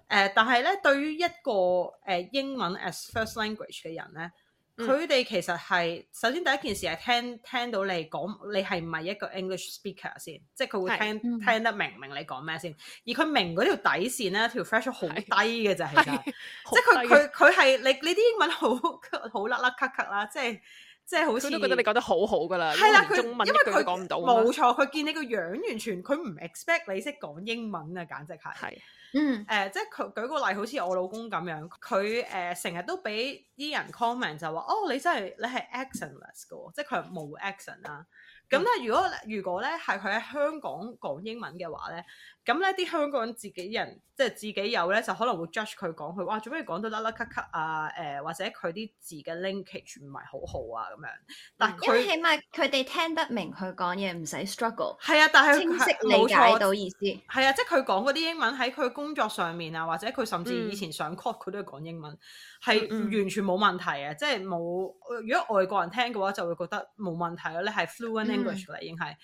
呃，但係咧，對於一個誒、呃、英文 as first language 嘅人咧。佢哋、嗯、其實係首先第一件事係聽聽到你講你係唔係一個 English speaker 先，即係佢會聽、嗯、聽得明唔明你講咩先。而佢明嗰條底線咧，條 threshold 好低嘅就其實。是即係佢佢佢係你你啲英文好好甩甩咳咳啦，即係即係好似。佢都覺得你講得好好噶啦，用中文一句講唔到。冇錯，佢見你個樣完全，佢唔 expect 你識講英文啊，簡直係。嗯，誒、呃，即係佢舉個例，好似我老公咁樣，佢誒成日都俾啲人 comment 就話，哦，你真係你係 accentless 嘅喎，哦，即係佢冇 accent 啦。咁咧、嗯，如果如果咧，係佢喺香港講英文嘅話咧，咁咧啲香港人自己人即係自己有咧，就可能會 judge 佢講佢哇，做咩講到甩甩咳咳啊，誒、呃、或者佢啲字嘅 linkage 唔係好好啊咁樣嗱，佢起碼佢哋聽得明佢講嘢唔使 struggle 係啊，但係是清晰理解到意思係啊，即係佢講嗰啲英文喺佢工作上面啊，或者佢甚至以前上 court 佢都係講英文係完全冇問題啊，即係冇如果外國人聽嘅話就會覺得冇問題咧，係 fluent。English 啦、嗯，已經係，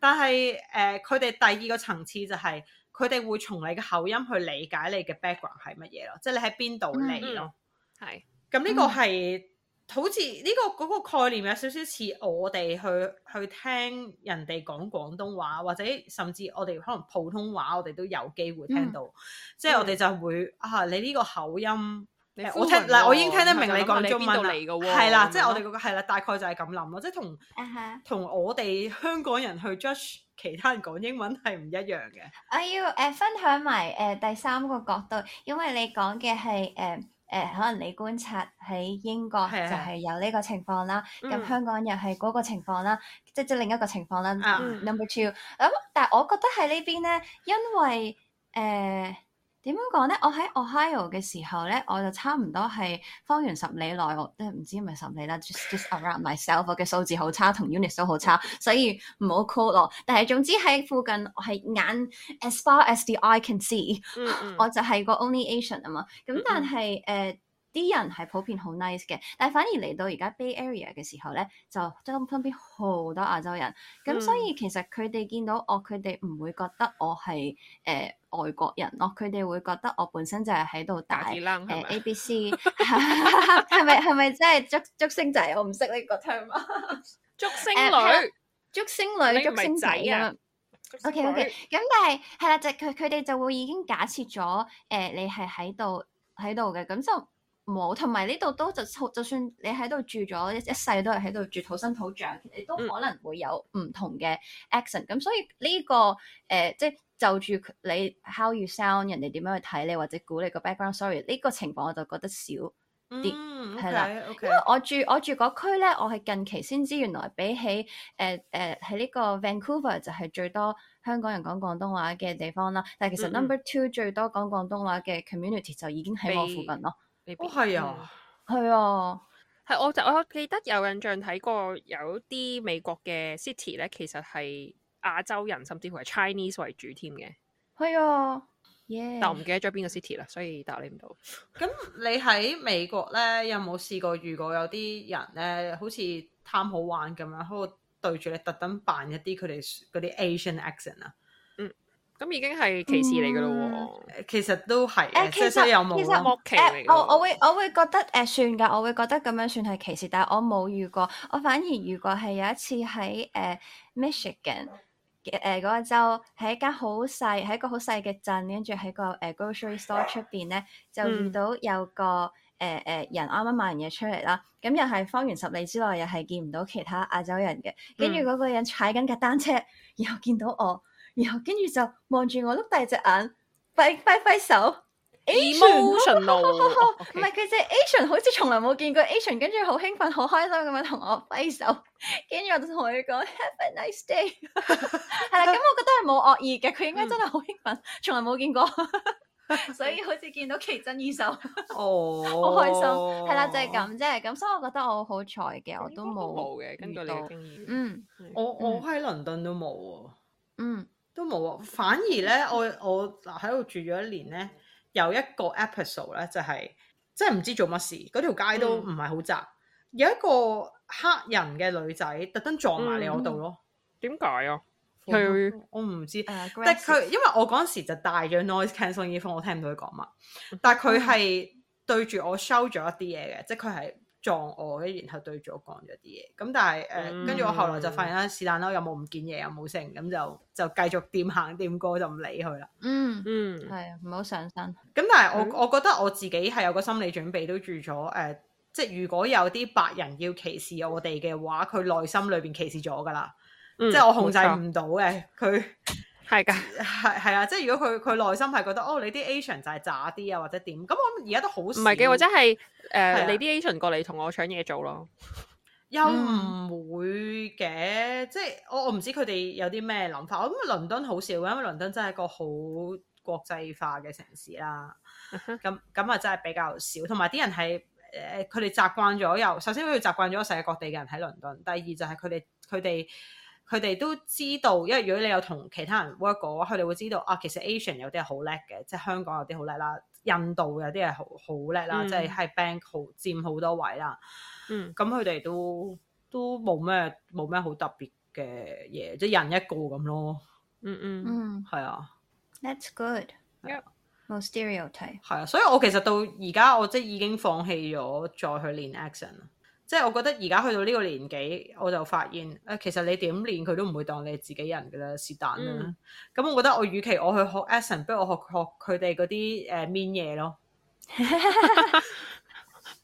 但係誒，佢哋第二個層次就係佢哋會從你嘅口音去理解你嘅 background 係乜嘢咯，即係你喺邊度嚟咯。係咁、嗯，呢個係好似呢個嗰個概念有少少似我哋去去聽人哋講廣東話，或者甚至我哋可能普通話，我哋都有機會聽到，嗯、即係我哋就會啊，你呢個口音。我聽嗱，我已經聽得明你講中文啦。係啦，即係我哋嗰個係啦，大概就係咁諗咯。即係同同我哋香港人去 judge 其他人講英文係唔一樣嘅。我要誒分享埋誒第三個角度，因為你講嘅係誒誒，可能你觀察喺英國就係有呢個情況啦。咁香港人係嗰個情況啦，即係即係另一個情況啦。Number two，咁但係我覺得喺呢邊咧，因為誒。點樣講咧？我喺 Ohio 嘅時候咧，我就差唔多係方圓十里內，我都唔知係咪十里啦。Just around myself，我嘅數字好差，同 unit 都好差，所以唔好 quote 咯。但係總之喺附近，我係眼 as far as the eye can see，我就係個 only Asian 啊嘛。咁但係誒。啲人係普遍好 nice 嘅，但係反而嚟到而家 Bay Area 嘅時候咧，就都身邊好多亞洲人咁，嗯、所以其實佢哋見到我，佢哋唔會覺得我係誒、呃、外國人咯。佢哋會覺得我本身就係喺度大誒 A B C 係咪係咪？真係竹竹升仔，我唔識呢個 term 啊？竹 *laughs* 升女，竹、呃、拍升女，竹升仔啊。OK OK，咁但係係啦，就佢佢哋就會已經假設咗誒、呃，你係喺度喺度嘅咁就。冇，同埋呢度都就就算你喺度住咗一一世，都係喺度住土生土長，你都可能會有唔同嘅 accent。咁、嗯、所以呢、呢個誒，即、呃、係、就是、就住你 how you sound，人哋點樣去睇你或者估你個 background sorry 呢個情況我就覺得少啲係、嗯 okay, okay. 啦。因為我住我住嗰區咧，我係近期先知原來比起誒誒喺呢個 Vancouver 就係最多香港人講廣東話嘅地方啦。但係其實 number two、嗯、最多講廣東話嘅 community 就已經喺我附近咯。Baby. 哦，係啊，係啊、嗯，係。我就我記得有印象睇過有啲美國嘅 city 咧，其實係亞洲人甚至乎係 Chinese 為主添嘅，係啊，yeah. 但唔記得咗邊個 city 啦，所以答你唔到。咁你喺美國咧有冇試過遇過有啲人咧好似貪好玩咁樣喺度對住你特登扮一啲佢哋嗰啲 Asian accent 啊？咁已經係歧視你噶咯喎，其實都係，有有其實有冇？其實歧視我我會我會覺得誒算噶，我會覺得咁樣算係歧視，但係我冇遇過。我反而如果係有一次喺誒、呃、Michigan 嘅、呃、嗰、嗰個州，喺間好細，喺個好細嘅鎮，跟住喺個誒、呃、grocery store 出邊咧，就遇到有個誒誒、呃、人啱啱買完嘢出嚟啦。咁又係方圓十里之內，又係見唔到其他亞洲人嘅。跟住嗰個人踩緊架單車，又見到我。嗯。然後跟住就望住我碌大隻眼，揮揮手。Asian 唔係佢只 Asian 好似，從來冇見過 Asian，跟住好興奮、好開心咁樣同我揮手。跟住我就同佢講 Have a nice day。係啦、嗯，咁我覺得係冇惡意嘅，佢應該真係好興奮，從來冇見過，所以好似見到奇珍異獸哦，好開心。係、oh。啦，就係咁啫。咁所以我覺得我好彩嘅，我都冇冇嘅，根據你嘅經驗。嗯，我我喺倫敦都冇啊。嗯。都冇，反而咧，我我嗱喺度住咗一年咧，有一個 episode 咧就係即係唔知做乜事，嗰條街都唔係好窄，嗯、有一個黑人嘅女仔特登撞埋你我度咯。點解啊？佢如他我唔知，uh, gracias. 但係佢因為我嗰陣時就戴咗 noise cancelling earphone，我聽唔到佢講乜。但係佢係對住我 show 咗一啲嘢嘅，即係佢係。撞我，跟住然後對住講咗啲嘢，咁但係誒，跟、呃、住、嗯、我後來就發現啦，是但啦，又冇唔見嘢，又冇剩。咁就就繼續掂行掂過就唔理佢啦。嗯嗯，係啊、嗯，唔好、哎、上身。咁但係我我覺得我自己係有個心理準備，都住咗誒、呃，即係如果有啲白人要歧視我哋嘅話，佢內心裏邊歧視咗噶啦，嗯、即係我控制唔到嘅佢。係噶，係係啊！即係如果佢佢內心係覺得哦，你啲 Asian 就係渣啲啊，或者點？咁我而家都好少。唔係嘅，或者係誒，呃、的你啲 Asian 過嚟同我搶嘢做咯，嗯、又唔會嘅。即係我我唔知佢哋有啲咩諗法。我諗倫敦好少，因為倫敦真係一個好國際化嘅城市啦。咁咁啊，真係比較少。同埋啲人係誒，佢哋習慣咗又，首先佢哋習慣咗世界各地嘅人喺倫敦。第二就係佢哋佢哋。佢哋都知道，因為如果你有同其他人 work 過佢哋會知道啊。其實 Asian 有啲係好叻嘅，即係香港有啲好叻啦，印度有啲係、嗯、好好叻啦，即係喺 bank 好佔好多位啦。嗯，咁佢哋都都冇咩冇咩好特別嘅嘢，即係人一個咁咯。嗯嗯嗯，係啊。That's good。冇 Yeah. stereotype。係啊，所以我其實到而家我即係已經放棄咗再去練 accent 啦。即係我覺得而家去到呢個年紀，我就發現誒，其實你點練佢都唔會當你係自己人噶啦，是但啦。咁、嗯嗯、我覺得我與其我去學 Asian，不如我學學佢哋嗰啲誒 mean 嘢咯。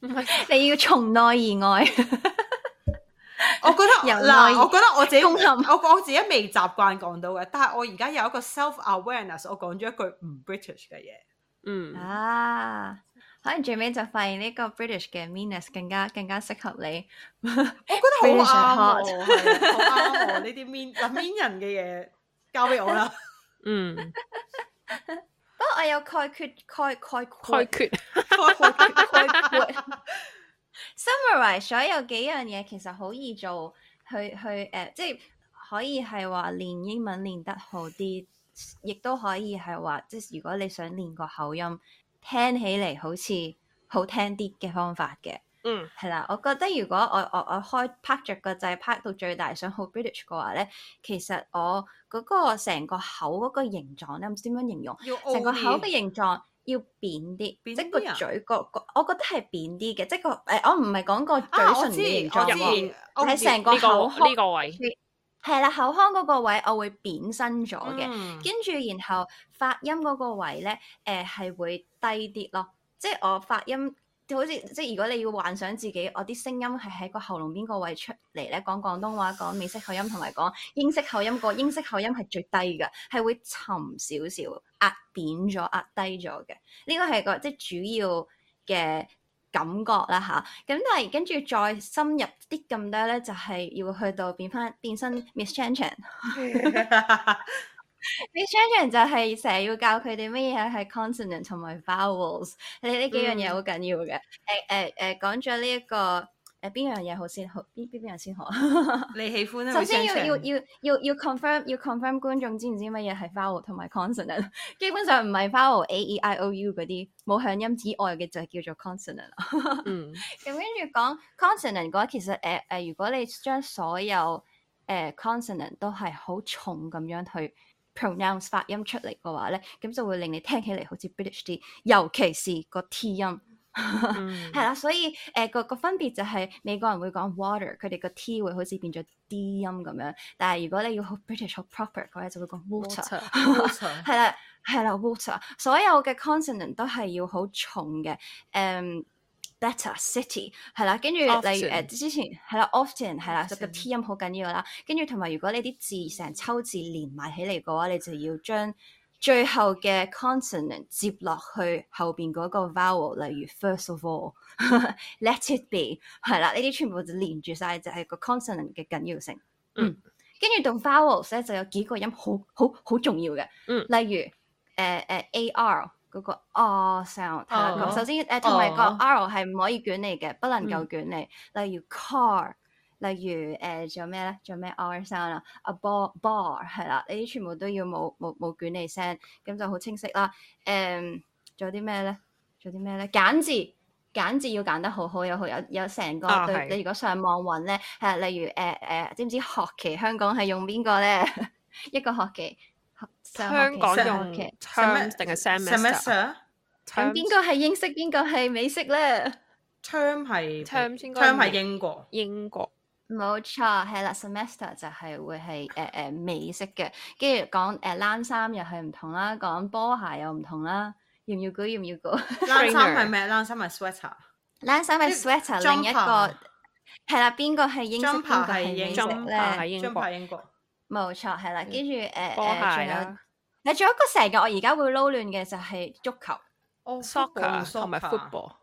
唔、呃、係， *laughs* *laughs* 你要從內而外。 *laughs* *laughs* 我覺得嗱，我覺得我自己，公立 *laughs* 我我自己未習慣講到嘅，但係我而家有一個 self-awareness，我講咗一句唔 British 嘅嘢。嗯啊。可能最尾就發現呢個 British 嘅 meanness 更加更加適合你。我覺得好啱，呢啲 mean 啊 mean 人嘅嘢交俾我啦。嗯。不過我有概括，概概概括。summarize 所有幾樣嘢其實好易做，去去誒，即係可以係話練英文練得好啲，亦都可以係話，即係如果你想練個口音。聽起嚟好似好聽啲嘅方法嘅，嗯，係啦，我覺得如果我我我開拍著個掣拍到最大，到最大想好 British 嘅話咧，其實我嗰、那個成個口嗰個形狀咧，唔知點樣形容，成個口嘅形狀要扁啲，扁啊、即係個嘴角，我覺得係扁啲嘅，即係個誒，我唔係講個嘴唇嘅形狀、啊、我係成個呢、這個這個位。係啦，口腔嗰個位我會扁身咗嘅，跟住、嗯、然後發音嗰個位咧，誒、呃、係會低啲咯。即係我發音，好似即係如果你要幻想自己，我啲聲音係喺個喉嚨邊個位出嚟咧，講廣東話、講美式口音同埋講英式口音，個英式口音係最低噶，係會沉少少，壓扁咗、壓低咗嘅。呢個係個即係主要嘅。感覺啦吓。咁但係跟住再深入啲咁多咧，就係要去到變翻變身 Miss Changchun Miss Changchun，就係成日要教佢哋乜嘢係 consonant 同埋 vowels，你呢幾樣嘢好緊要嘅。誒誒誒，講咗呢一個。誒邊樣嘢好先好？邊邊邊樣先好？你喜歡咧、啊。首先要要要要要，要 confirm，要 confirm 觀眾知唔知乜嘢係 vowel 同埋 consonant？ *laughs* 基本上唔係 vowel a e i o u 嗰啲，冇響音之外嘅就係叫做 consonant *laughs* 嗯。嗯。咁跟住講 consonant 嘅話，其實誒誒、呃呃，如果你將所有誒、呃、consonant 都係好重咁樣去 pronounce 發音出嚟嘅話咧，咁就會令你聽起嚟好似 British 啲，尤其是個 T 音。係啦， *laughs* 所以誒、呃、個個分別就係美國人會講 water，佢哋個 t 會好似變咗 d 音咁樣。但係如果你要好 british 好 proper 嘅話，就會講 water。Water。係啦，係啦，water。所有嘅 consonant 都係要好重嘅。誒，better city，係啦。跟住例如誒之前係啦，often 係啦，個 t 音好緊要啦。跟住同埋如果你啲字成抽字連埋起嚟嘅話，你就要將最後嘅 consonant 接落去後邊嗰個 vowel，例如 first of all，let *laughs* it be，係啦，呢啲全部就連住晒就係、是、個 consonant 嘅緊要性。嗯，跟住同、嗯、vowels 咧就有幾個音好好好重要嘅。嗯，例如誒誒 ar 嗰個 r sound，首先誒同埋個 r 係唔可以捲脷嘅，不能夠捲脷，uh huh. 嗯、例如 car。例如誒做咩咧？做咩 R sound 啦、啊，a ball ball 係啦，呢啲全部都要冇冇冇捲嚟聲，咁就好清晰啦。誒，仲有啲咩咧？做啲咩咧？揀字揀字要揀得好好，有好有有成個、啊、對。你如果上網揾咧係例如誒誒、呃啊，知唔知學期香港係用邊個咧？ *laughs* 一個學期，學學期香港用，學期用學期 term 定 s ,係 semester？用邊個係英式？邊個係美式咧？term 係 term 係英國英國。英國。冇錯，係啦，semester 就係會係誒誒美式嘅，跟住講誒冷衫又係唔同啦，講波鞋又唔同啦，要唔要估？要唔要估？冷衫係咩？冷衫係 sweater。冷衫係 sweater，另一個係啦，邊個係英國？Jumper 係英國咧。Jumper 英國。冇錯，係啦，跟住誒，波鞋啦。你仲有一個成日我而家會撈亂嘅就係足球。哦，Soccer 同埋 football。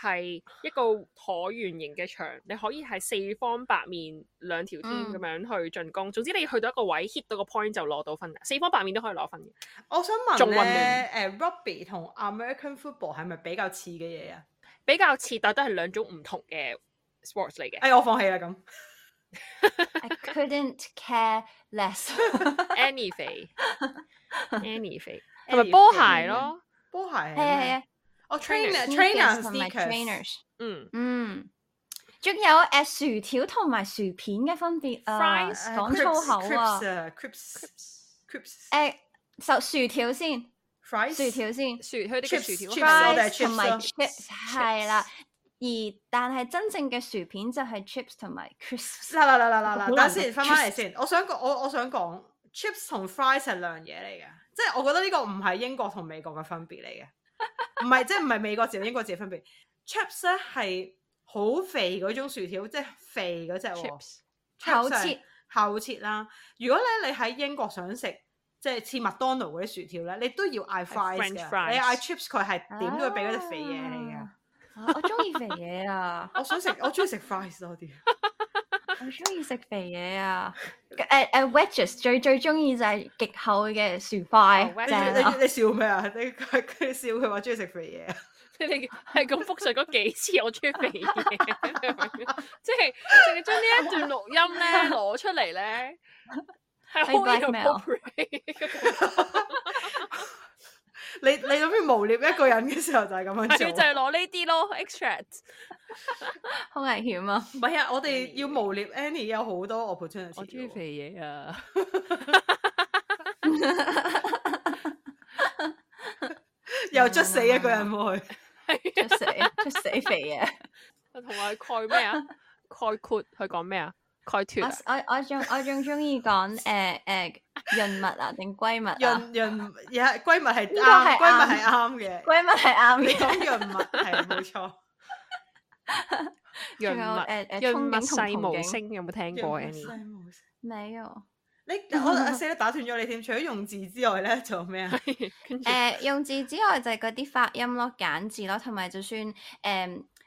係一個橢圓形嘅場，你可以係四方八面兩條線咁樣去進攻。嗯、總之你要去到一個位 hit *music* 到個 point 就攞到分，四方八面都可以攞分。我想問咧，誒，Rugby 同 American Football 係咪比較似嘅嘢啊？比較似，但都係兩種唔同嘅 sports 嚟嘅。哎，我放棄啦咁。I couldn't care less. Any 費？Any 費？係咪波鞋咯？波鞋係啊係啊。 *laughs* 哦，trainer、trainer 同埋 trainers，嗯嗯，仲有誒薯條同埋薯片嘅分別。fries 講粗口啊！chips、chips、chips 誒，薯條先 fries 薯條先，薯佢啲薯條，同埋 chips 係啦。而但係真正嘅薯片就係 chips 同埋 crisps。嗱嗱嗱嗱嗱，等先，翻翻嚟先。我想講，我我想講，chips 同 fries 係兩嘢嚟嘅，即係我覺得呢個唔係英國同美國嘅分別嚟嘅。唔係，即係唔係美國字， *laughs* 英國字嘅分別。Chips 咧係好肥嗰種薯條，即係肥嗰隻。Chips. 厚切厚切啦！ *laughs* 如果咧你喺英國想食，即係似麥當勞嗰啲薯條咧，你都要嗌 French fries 你嗌 chips，佢係點都會俾嗰啲肥嘢嚟，ah, *laughs* 啊！ *laughs* 我中意肥嘢啊！我想食，我中意食 fries 多啲。我中意食肥嘢啊！誒誒，Wedges 最最中意就係極厚嘅薯塊。你笑咩啊？你佢笑佢話中意食肥嘢。你係咁複述嗰幾次我中意肥嘢，即係淨係將呢一段錄音咧攞出嚟咧，係開個。你你諗住謀獵一個人嘅時候就係咁樣做，就係攞呢啲咯，extract 好危險啊！唔係啊，我哋要謀獵 Annie 有好多我 opportunity 我中意肥嘢啊，又捽死一個人過去，捽死捽死肥嘢，同埋概括咩啊？概括佢講咩啊？開脫。我我仲我仲中意講誒誒潤物啊，定閨蜜啊。人人也閨蜜係。呢個係閨蜜係啱嘅。閨蜜係啱，你講潤物係冇錯。潤物誒誒，潤物細無聲有冇聽過？細無聲。冇。你我四哥打斷咗你添，除咗用字之外咧，仲有咩啊？誒，用字之外就係嗰啲發音咯、簡字咯，同埋就算誒。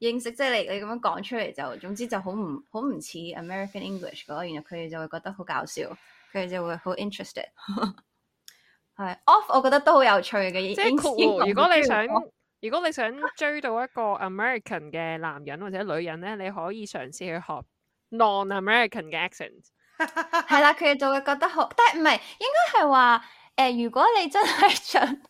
認識即係、就是、你你咁樣講出嚟就總之就好唔好唔似 American English 嗰，然後佢哋就會覺得好搞笑，佢哋就會好 interested。 *laughs* 係，off 我覺得都好有趣嘅。即係是文如果你想， *laughs* 如果你想追到一個 American 嘅男人或者女人咧，你可以嘗試去學 non-American 嘅 accent。係啦，佢哋就會覺得好，但係唔係應該係話誒？如果你真係想。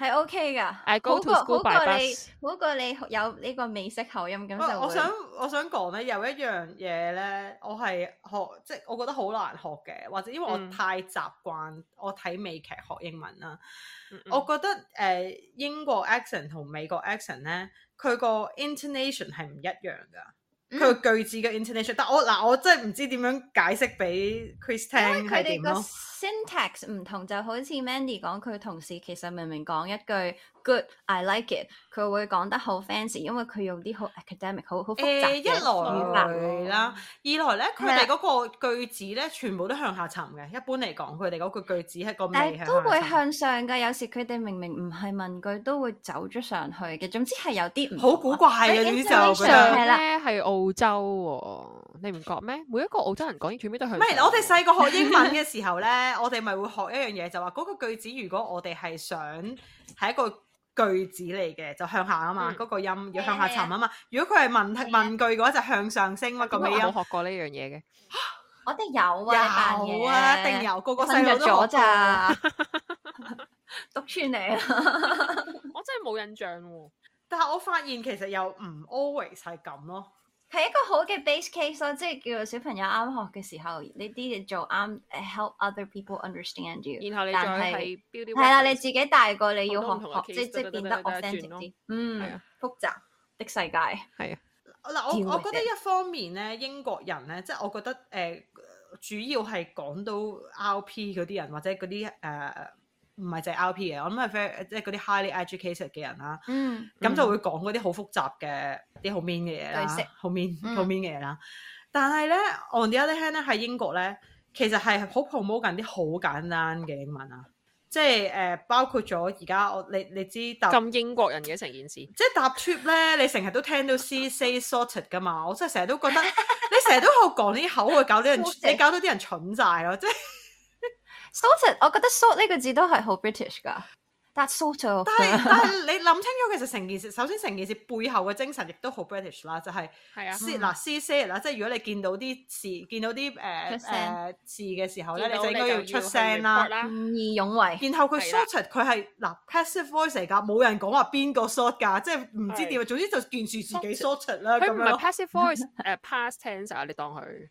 係 OK 噶，好過你，好過你有呢個美式口音。咁我，我想我想講咧，有一樣嘢咧，我係學，即係我覺得好難學嘅，或者因為我太習慣、嗯、我睇美劇學英文啦。嗯嗯，我覺得誒、呃，英國 accent 同美國 accent 咧，佢個 intonation 係唔一樣噶，佢個句子嘅 intonation、嗯、但我嗱，我真係唔知點樣解釋俾 Chris 聽。因為佢哋個。syntax 唔同，就好似 Mandy 講佢同事其實明明講一句 Good, I like it，佢會講得好 fancy，因為佢用啲好 academic 好好複雜嘅語法啦。哎、一來二來咧，佢哋嗰個句子咧，的全部都向下沉嘅。一般嚟講，佢哋嗰句句子係個尾係、哎、都會向上嘅，有時佢哋明明唔係問句，都會走咗上去嘅。總之係有啲唔好古怪嘅，呢啲就係係澳洲。哎些你唔覺咩？每一個澳洲人講英全部都係。唔係，我哋細個學英文嘅時候咧，我哋咪會學一樣嘢，就話嗰個句子如果我哋係想係一個句子嚟嘅，就向下啊嘛，嗰個音要向下沉啊嘛。如果佢係問問句嘅話，就向上升一個尾音。我冇學過呢樣嘢嘅。我哋有啊，有啊，一定有，個個細個都學。讀穿你，我真係冇印象喎。但係我發現其實又唔 always 係咁咯。係一個好嘅 base case 咯，即係叫做小朋友啱學嘅時候，你啲做啱，help other people understand you。然後你再係標啲，係 beauty 啦，你自己大個你要學學，即即變得 authentic 啲。嗯，的複雜的世界係啊。嗱的，我我覺得一方面咧，英國人咧，即、就、係、是、我覺得誒、呃，主要係講到 RP 嗰啲人或者嗰啲誒。呃唔係就係 RP 嘅，我諗係即係嗰啲 highly educated 嘅人啦。嗯。咁就會講嗰啲好複雜嘅，啲好 mean 嘅嘢啦，好 mean，好 mean 嘅嘢啦。但係咧，on the other hand 咧，喺英國咧，其實係好 promote 緊啲好簡單嘅英文啊。即係誒、呃，包括咗而家我你你知搭咁英國人嘅成件事。即係搭 trip 咧，你成日都聽到 see say sorted 噶嘛，我真係成日都覺得 *laughs* 你成日都好講啲口語，會搞啲人， *laughs* 你搞到啲人蠢晒咯，即係。 *laughs* sorted 我覺得 sort 呢個字都係好 British 㗎。但係 sorted 但係但係你諗清楚，其實成件事，首先成件事背後嘅精神亦都好 British 啦，就係，嗱，see say 嗱，即係如果你見到啲事，見到啲誒誒事嘅時候咧，你就應該要出聲啦，見義勇為。然後佢 sorted 佢係嗱 passive voice 㗎，冇人講話邊個 sort 㗎，即係唔知點，總之就件事自己 sorted 啦。佢唔係 passive voice，誒 past tense 啊，你當佢。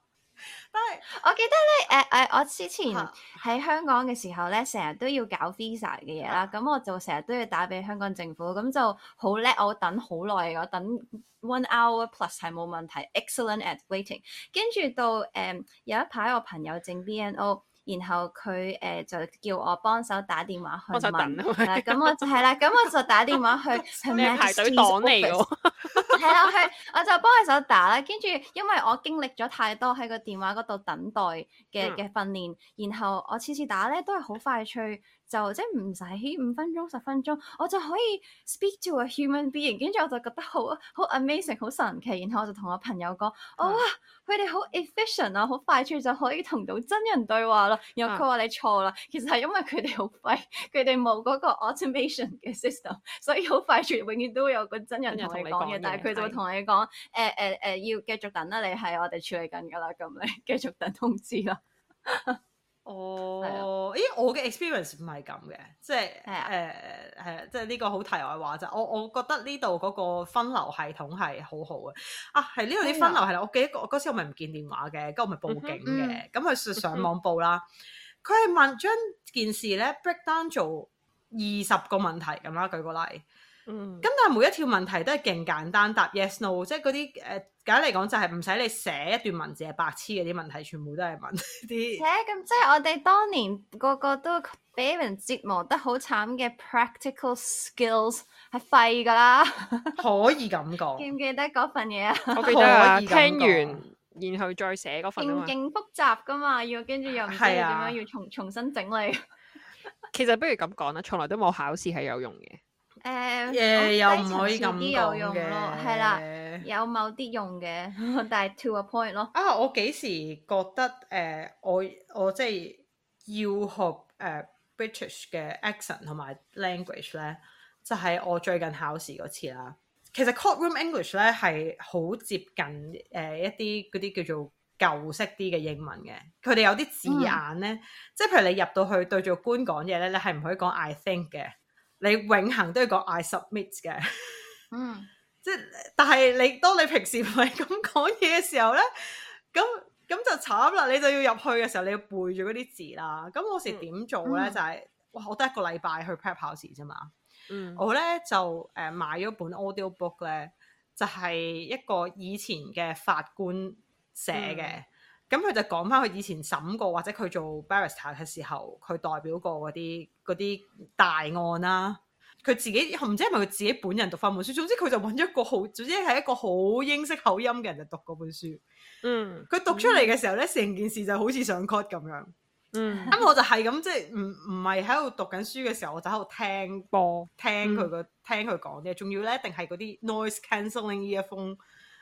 Bye. 我記得咧，誒、呃、誒、呃，我之前喺香港嘅時候咧，成日都要搞 visa 嘅嘢啦，咁我就成日都要打俾香港政府，咁就好叻，我等好耐嘅，我等 one hour plus 係冇問題，excellent at waiting，跟住到誒、呃、有一排我朋友整 BNO。然後佢誒、呃、就叫我幫手打電話去問，咁我就係啦，咁 *laughs* 我就打電話去，咩 *laughs* "The 排隊黨嚟來？係 *laughs* 啊，去我就幫佢手打啦。跟住，因為我經歷咗太多喺個電話嗰度等待嘅嘅訓練，嗯、然後我次次打咧都係好快脆。就即係唔使五分鐘、十分鐘，我就可以 speak to a human being。跟住我就覺得好好 amazing、好 am 神奇。然後我就同我朋友講，哦、嗯，佢哋好 efficient 啊，好、e、快脆就可以同到真人對話啦。然後佢話你錯啦，嗯、其實係因為佢哋好快，佢哋冇嗰個 automation 嘅 system，所以好快脆，永遠都會有個真人同你講嘅。但係佢就會同你講，誒誒誒，要繼續等啦，你係我哋處理緊㗎啦，咁你繼續等通知啦。 *laughs* 哦，oh, 的咦，我嘅 experience 唔係咁嘅，即係誒誒，即係呢、這個好題外話就，我我覺得呢度嗰個分流系統係好好嘅。啊，係呢度啲分流系統啦，的我記得我嗰時我咪唔見電話嘅，咁我咪報警嘅，咁佢上上網報啦。佢係、嗯、哼問將件事咧 break down 做二十個問題咁啦，舉個例。嗯，咁但係每一條問題都係勁簡單，答 yes no，即係嗰啲誒，簡單嚟講就係唔使你寫一段文字，係白痴嘅啲問題，全部都係問啲。寫咁即係我哋當年個個都俾人折磨得好慘嘅 practical skills 係廢噶啦。可以咁講。 *laughs* 記唔記得嗰份嘢啊？我記得啊。 *laughs* 聽完然後再寫嗰份啊嘛。勁勁複雜噶嘛，要跟住又唔知點、啊、樣要重重新整理？ *laughs* 其實不如咁講啦，從來都冇考試係有用嘅。 *laughs* 誒，又唔、uh, Yeah, 可以咁有用嘅，係啦， *laughs* 有某啲用嘅，但係 to a point 咯。啊，我幾時覺得誒、呃，我我即係要學誒、呃、British 嘅 accent 同埋 language 咧，就喺、是、我最近考試嗰次啦。其實 courtroom English 咧係好接近誒、呃、一啲嗰啲叫做舊式啲嘅英文嘅，佢哋有啲字眼咧，嗯、即係譬如你入到去對住官講嘢咧，你係唔可以講 I think 嘅。你永恆都要講 I submit 嘅， *laughs* 嗯，即係但係你當你平時唔係咁講嘢嘅時候咧，咁咁就慘啦！你就要入去嘅時候你要背住嗰啲字啦。咁我時點做咧？嗯、就係、是、哇，我得一個禮拜去 prep 考試啫嘛。嗯，我咧就誒買咗本 audio book 咧，就係、呃一，就是、一個以前嘅法官寫嘅。嗯咁佢就講翻佢以前審過，或者佢做 barrister 嘅時候，佢代表過嗰啲啲大案啦、啊。佢自己唔知係咪佢自己本人讀翻本書，總之佢就揾一個好，總之係一個好英式口音嘅人就讀嗰本書。嗯，佢讀出嚟嘅時候咧，成、嗯、件事就好似上 court 咁樣。嗯，咁我就係咁，即係唔唔係喺度讀緊書嘅時候，我就喺度聽播，聽佢個、嗯、聽佢講嘅，仲要咧一定係嗰啲 noise cancelling earphone。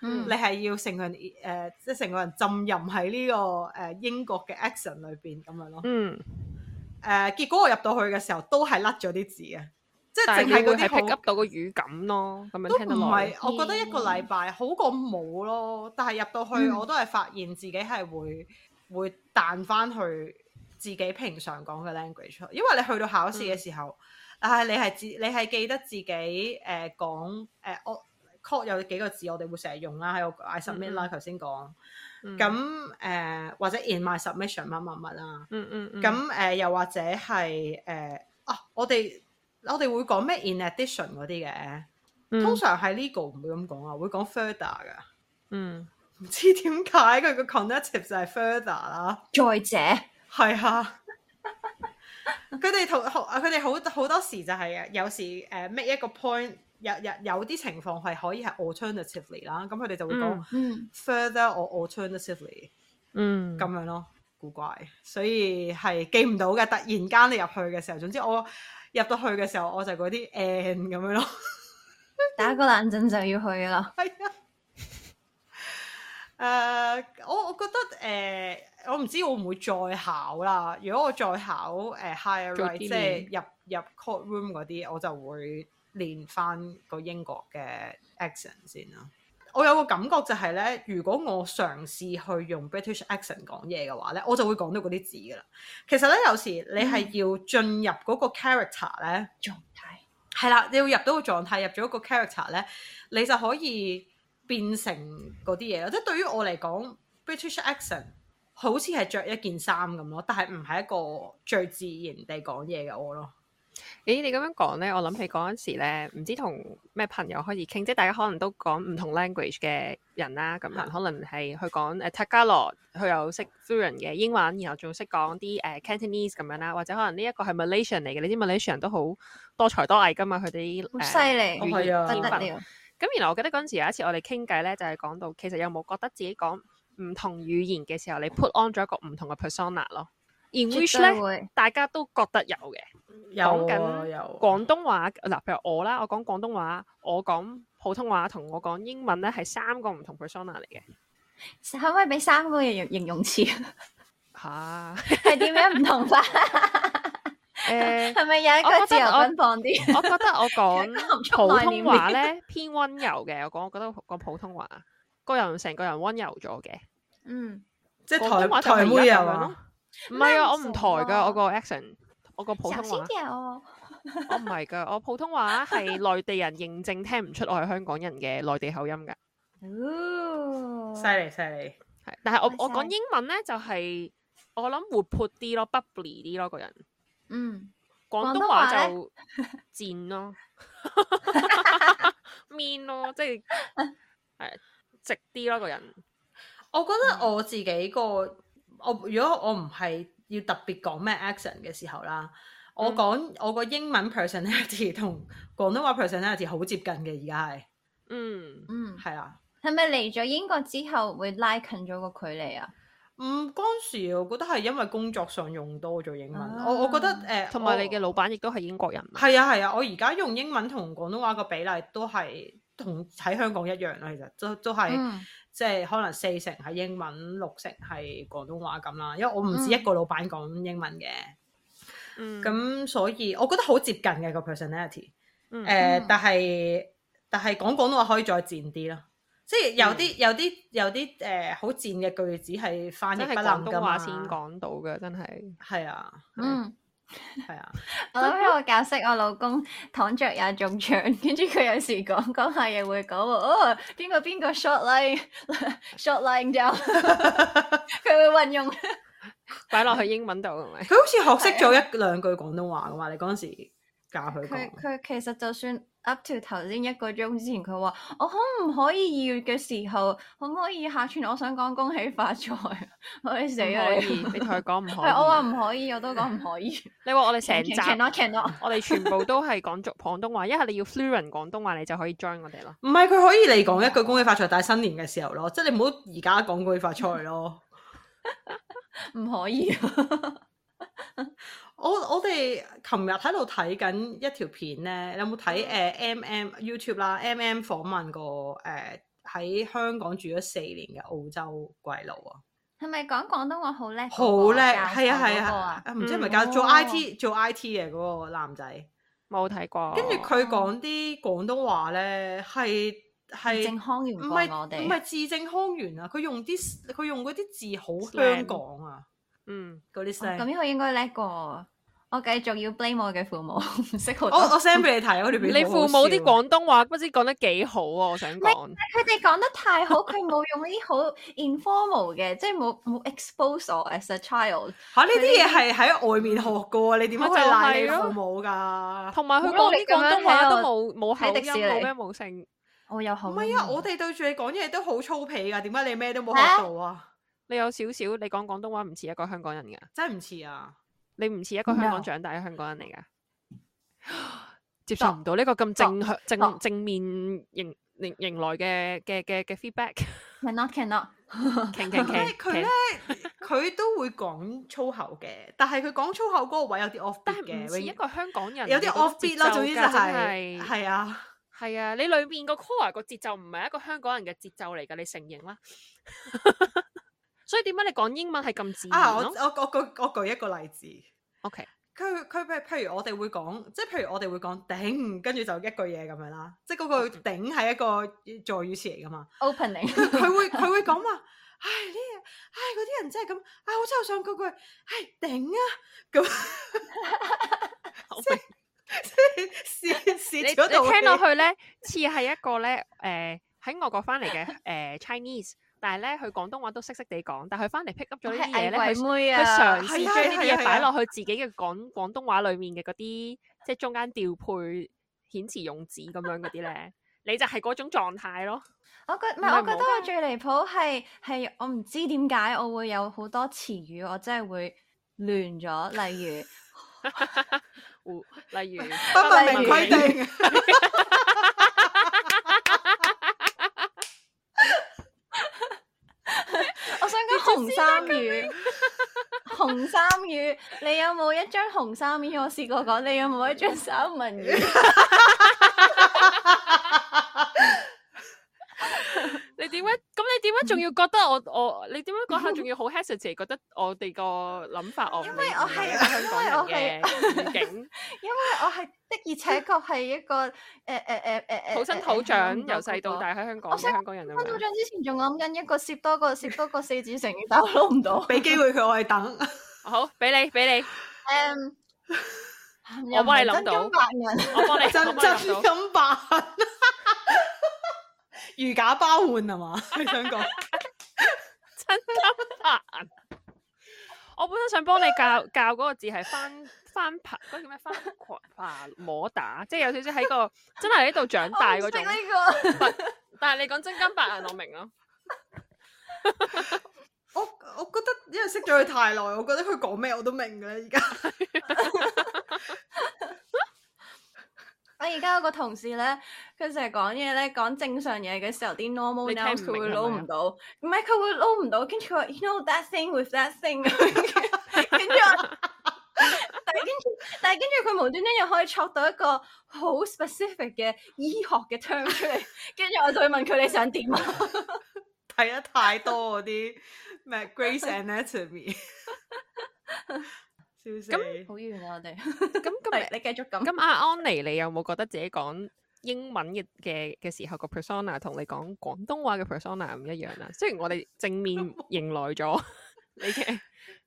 Mm. 你係要成個人，誒、呃，即係成個人浸淫喺呢、這個誒、呃、英國嘅 accent 裏邊咁樣咯。誒、mm. 呃，結果我入到去嘅時候，都係甩咗啲字嘅，即係淨係嗰啲 pick up 到個語感咯。咁樣聽得耐，我覺得一個禮拜好過冇咯。但係入到去，mm. 我都係發現自己係會會彈翻去自己平常講嘅 language。因為你去到考試嘅時候，mm. 啊，你係自你係記得自己誒講誒我。call 有幾個字我哋會成日用啦喺度。I submit 啦頭先講，咁誒、呃、或者 in my submission 乜乜乜啦。嗯嗯，嗯，咁、呃、誒又或者係誒、呃、啊我哋我哋會講咩 in addition 嗰啲嘅，通常係 legal 唔會咁講啊，會講 further 噶，嗯，唔知點解佢個 connective 就係 further 啦，再者係啊，佢哋同學佢哋好好多時就係啊，有時誒、呃 uh, make 一個 point。有有有啲情況係可以係 alternatively 啦，咁佢哋就會講 further or alternatively，嗯，咁、嗯、樣咯，古怪，所以係記唔到嘅。突然間你入去嘅時候，總之我入到去嘅時候，我就嗰啲 and 咁樣咯。 *laughs* 打個冷震就要去啦。係 *laughs* 啊。誒、uh,，我我覺得誒，uh, 我唔知我會唔會再考啦。如果我再考誒、uh, higher rights，即係入 3 D. 入，入 courtroom 嗰啲，我就會。練返個英國嘅 accent 先啦。我有個感覺就係咧，如果我嘗試去用 British accent 講嘢嘅話咧，我就會講到嗰啲字㗎喇。其實咧，有時你係要進入嗰個 character 咧，狀態，係啦、嗯，你要入到個狀態，入咗一個 character 咧，你就可以變成嗰啲嘢咯。即、就、係、是、對於我嚟講，British accent 好似係着一件衫咁咯，但係唔係一個最自然地講嘢嘅我咯。咦、欸，你咁樣講咧，我諗起嗰陣時咧，唔知同咩朋友開始傾，即係大家可能都講唔同 language 嘅人啦、啊。咁、嗯、可能可能係去講誒 Tagalog，佢、呃、又識 fluent 嘅英文，然後仲識講啲誒、呃、Cantonese 咁樣啦。或者可能呢一個係 Malaysian 嚟嘅，你知 Malaysian 都好多才多藝噶嘛，佢哋好犀利，不得了。咁原來我記得嗰陣時有一次我哋傾偈咧，就係、是、講到，其實有冇覺得自己講唔同語言嘅時候，你 put on 咗一個唔同嘅 persona 咯？i 大家都覺得有嘅，講緊廣東話嗱，譬如我啦，我講廣東話，我講普通話同我講英文咧，係三個唔同 persona 嚟嘅。可唔可以俾三個形容形容詞？嚇，係點樣唔同法？誒，係咪有一個自由奔放啲？我覺得我講普通話咧偏溫柔嘅，我講我覺得講普通話，個人成個人溫柔咗嘅。嗯，即係台台妹又樣咯。唔係啊，我唔抬噶，it, 我個 accent 我個普通話，我唔係噶，我普通話係內地人認證聽唔出我係香港人嘅內地口音噶。哦、啊，犀利犀利，係，但係我我講英文咧就係、是、我諗活潑啲咯 bubbly 啲咯個人。嗯，廣東話就賤咯，mean 咯，即係係直啲咯個人。我覺得我自己、這個。我如果我唔係要特別講咩 accent 嘅時候啦，嗯、我講我個英文 personality，同廣東話 personality 好接近嘅，而家係嗯嗯係啊，係咪嚟咗英國之後會拉近咗個距離啊？唔嗰、嗯、時我覺得係因為工作上用多咗英文，啊、我我覺得誒，同、呃、埋你嘅老闆亦都係英國人。係啊係啊，啊，我而家用英文同廣東話個比例都係同喺香港一樣啦、啊，其實都都係。嗯即係可能四成係英文，六成係廣東話咁啦。因為我唔止一個老闆講英文嘅、嗯，嗯，咁所以我覺得好接近嘅、個 personality，誒，但係但係講廣東話可以再賤啲咯。即係有啲、嗯、有啲有啲誒好賤嘅句子係翻譯不能嘅嘛，先講到嘅真係係啊，嗯。係啊， *laughs* 我諗起我教識我老公躺着也中槍，跟住佢有時講講下嘢會講哦，邊個邊個 short line，short line 就佢 *laughs* 會運用擺落 *laughs* 去英文度，係咪？ *laughs* *laughs* 佢好似學識咗一兩句廣東話噶嘛？你嗰時。佢佢其實就算 up to 頭先一個鐘之前，佢話我可唔可以二月嘅時候，可唔可以下傳我想講恭喜發財，啊？可以死啦！你你同佢講唔可以，我話唔可以， *laughs* 我都講唔可以。你話 *laughs* 我哋成集，我哋全部都係講粵廣東話，一係 *laughs* 你要 fluent 廣東話，你就可以 join 我哋咯。唔係佢可以你講一句恭喜發財，但係新年嘅時候咯，即係你唔好而家講恭喜發財咯。唔 *laughs* 可以。 *laughs* 我我哋琴日喺度睇緊一條片咧，有冇睇誒 M M YouTube 啦？M M 訪問過誒喺香港住咗四年嘅澳洲鬼佬啊，係咪講廣東話好叻？好叻係啊係啊，唔知係咪教做 I T 做 I T 嘅嗰個男仔？冇睇過。跟住佢講啲廣東話咧，係係正腔圓，唔係我哋唔係字正腔圓啊！佢用啲佢用啲字好香港啊。嗯，嗰啲聲咁樣佢應該叻過我，我繼續要 blame 我嘅父母，唔識學。我我 send 俾你睇，我哋俾你父母啲廣東話，不知講得幾好啊！我想講，佢哋講得太好，佢冇用啲好 informal 嘅，即係冇冇 exposure as a child 吓？呢啲嘢係喺外面學過，你點解賴你父母噶？同埋佢講啲廣東話都冇冇口音，冇咩冇聲，我有口音。唔係啊，我哋對住你講嘢都好粗皮噶，點解你咩都冇學到啊？你有少少，你講廣東話唔似一個香港人噶，真係唔似啊！你唔似一個香港長大嘅香港人嚟噶， *laughs* 接受唔到呢個咁正向、啊、正正面迎迎，迎來嘅嘅嘅嘅 feedback。Cannot cannot，佢咧佢都會講粗口嘅，但係佢講粗口嗰個位有啲 offbeat 嘅，唔似 *laughs* 一個香港人、啊， *laughs* 有啲 offbeat 咯。總之就係、是、係是啊係啊，你裏面個 core 個節奏唔係一個香港人嘅節奏嚟噶，你承認啦。 *laughs* 所以點解你講英文係咁自然、啊、我我我我舉一個例子。O K，佢佢譬如譬如我哋會講，即係譬如我哋會講頂，跟住就一句嘢咁樣啦。即係、那、嗰個頂係一個助語詞嚟噶嘛。Opening，佢 *laughs* 會佢會講話，唉呢，唉嗰啲人真係咁，啊，我真係好想嗰句，唉，頂啊咁。即係即係，似似嗰度。你聽落去咧，似係一個咧，誒喺外國翻嚟嘅誒 Chinese。但係咧，佢廣東話都識識地講，但佢翻嚟 pick up 咗啲嘢咧，佢嘗試將啲嘢擺落去自己嘅廣廣東話裡面嘅嗰啲，即係中間調配遣詞用字咁樣嗰啲咧。你就係嗰種狀態咯。我覺唔係，我覺得我最離譜係係我唔知點解我會有好多詞語，我真係會亂咗。例如，例如不明規定。紅衫魚， *laughs* 紅衫魚，你有冇一張紅衫魚？我試過講，你有冇一張三文魚？你點解？仲要覺得我我你點樣講下，仲要好 hesitate 覺得我哋個諗法，我因為我係因為我係境，因為我係的而且確係一個誒誒誒誒土生土長由細到大喺香港香港人。土生土長之前仲諗緊一個攝多個攝多個四字成語，我攞唔到。俾機會佢，我係等。好，俾你俾你。誒，我幫你諗到。我幫你真埋兩首。如假包換係嘛？ *laughs* 你想講真金白銀？我本身想幫你教教嗰個字係翻翻爬嗰，叫咩翻滾爬摸打，即係有少少喺個真係喺度長大嗰種。呢、呢個，但係你講真金白銀，我明咯。 *laughs* 我我覺得因為識咗佢太耐，我覺得佢講咩我都明㗎喇。而家。我而家嗰個同事咧，佢成日講嘢咧，講正常嘢嘅時候，啲 normal nouns 佢會撈唔到，唔係佢會撈唔到，跟住佢話，You know that thing with that thing，跟住，但係跟住，但係跟住佢無端端又可以戳到一個好 specific 嘅醫學嘅 term 出嚟，跟住我就問佢你想點啊？睇得太多嗰啲咩 Grey's Anatomy。咁好遠啦我哋、啊，咁今日你繼續講。咁阿安妮，你有冇覺得自己講英文嘅嘅嘅時候個 persona 同你講廣東話嘅 persona 唔一樣啊？雖然我哋正面迎來咗 *laughs* 你嘅，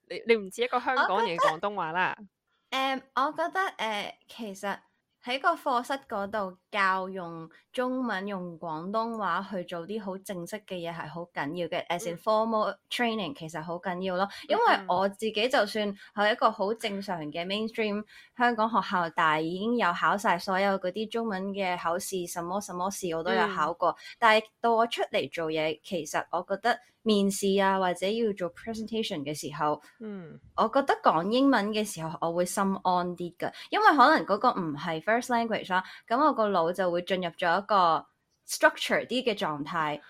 你你唔似一個香港人講廣東話啦。誒、嗯，我覺得誒、呃，其實喺個課室嗰度。教用中文、用廣東話去做啲好正式嘅嘢，係好緊要嘅，嗯，as in formal training 其實好緊要咯。因為我自己就算係一個好正常嘅 mainstream 香港學校，但係已經有考晒所有啲中文嘅考試，什麼什麼試我都有考過，嗯，但係到我出嚟做嘢，其實我覺得面試啊或者要做 presentation 嘅時候，嗯，我覺得講英文嘅時候我會心安啲㗎，因為可能個唔係 first language 啦，啊，咁我個腦。我就會進入咗一個 structure 啲嘅狀態，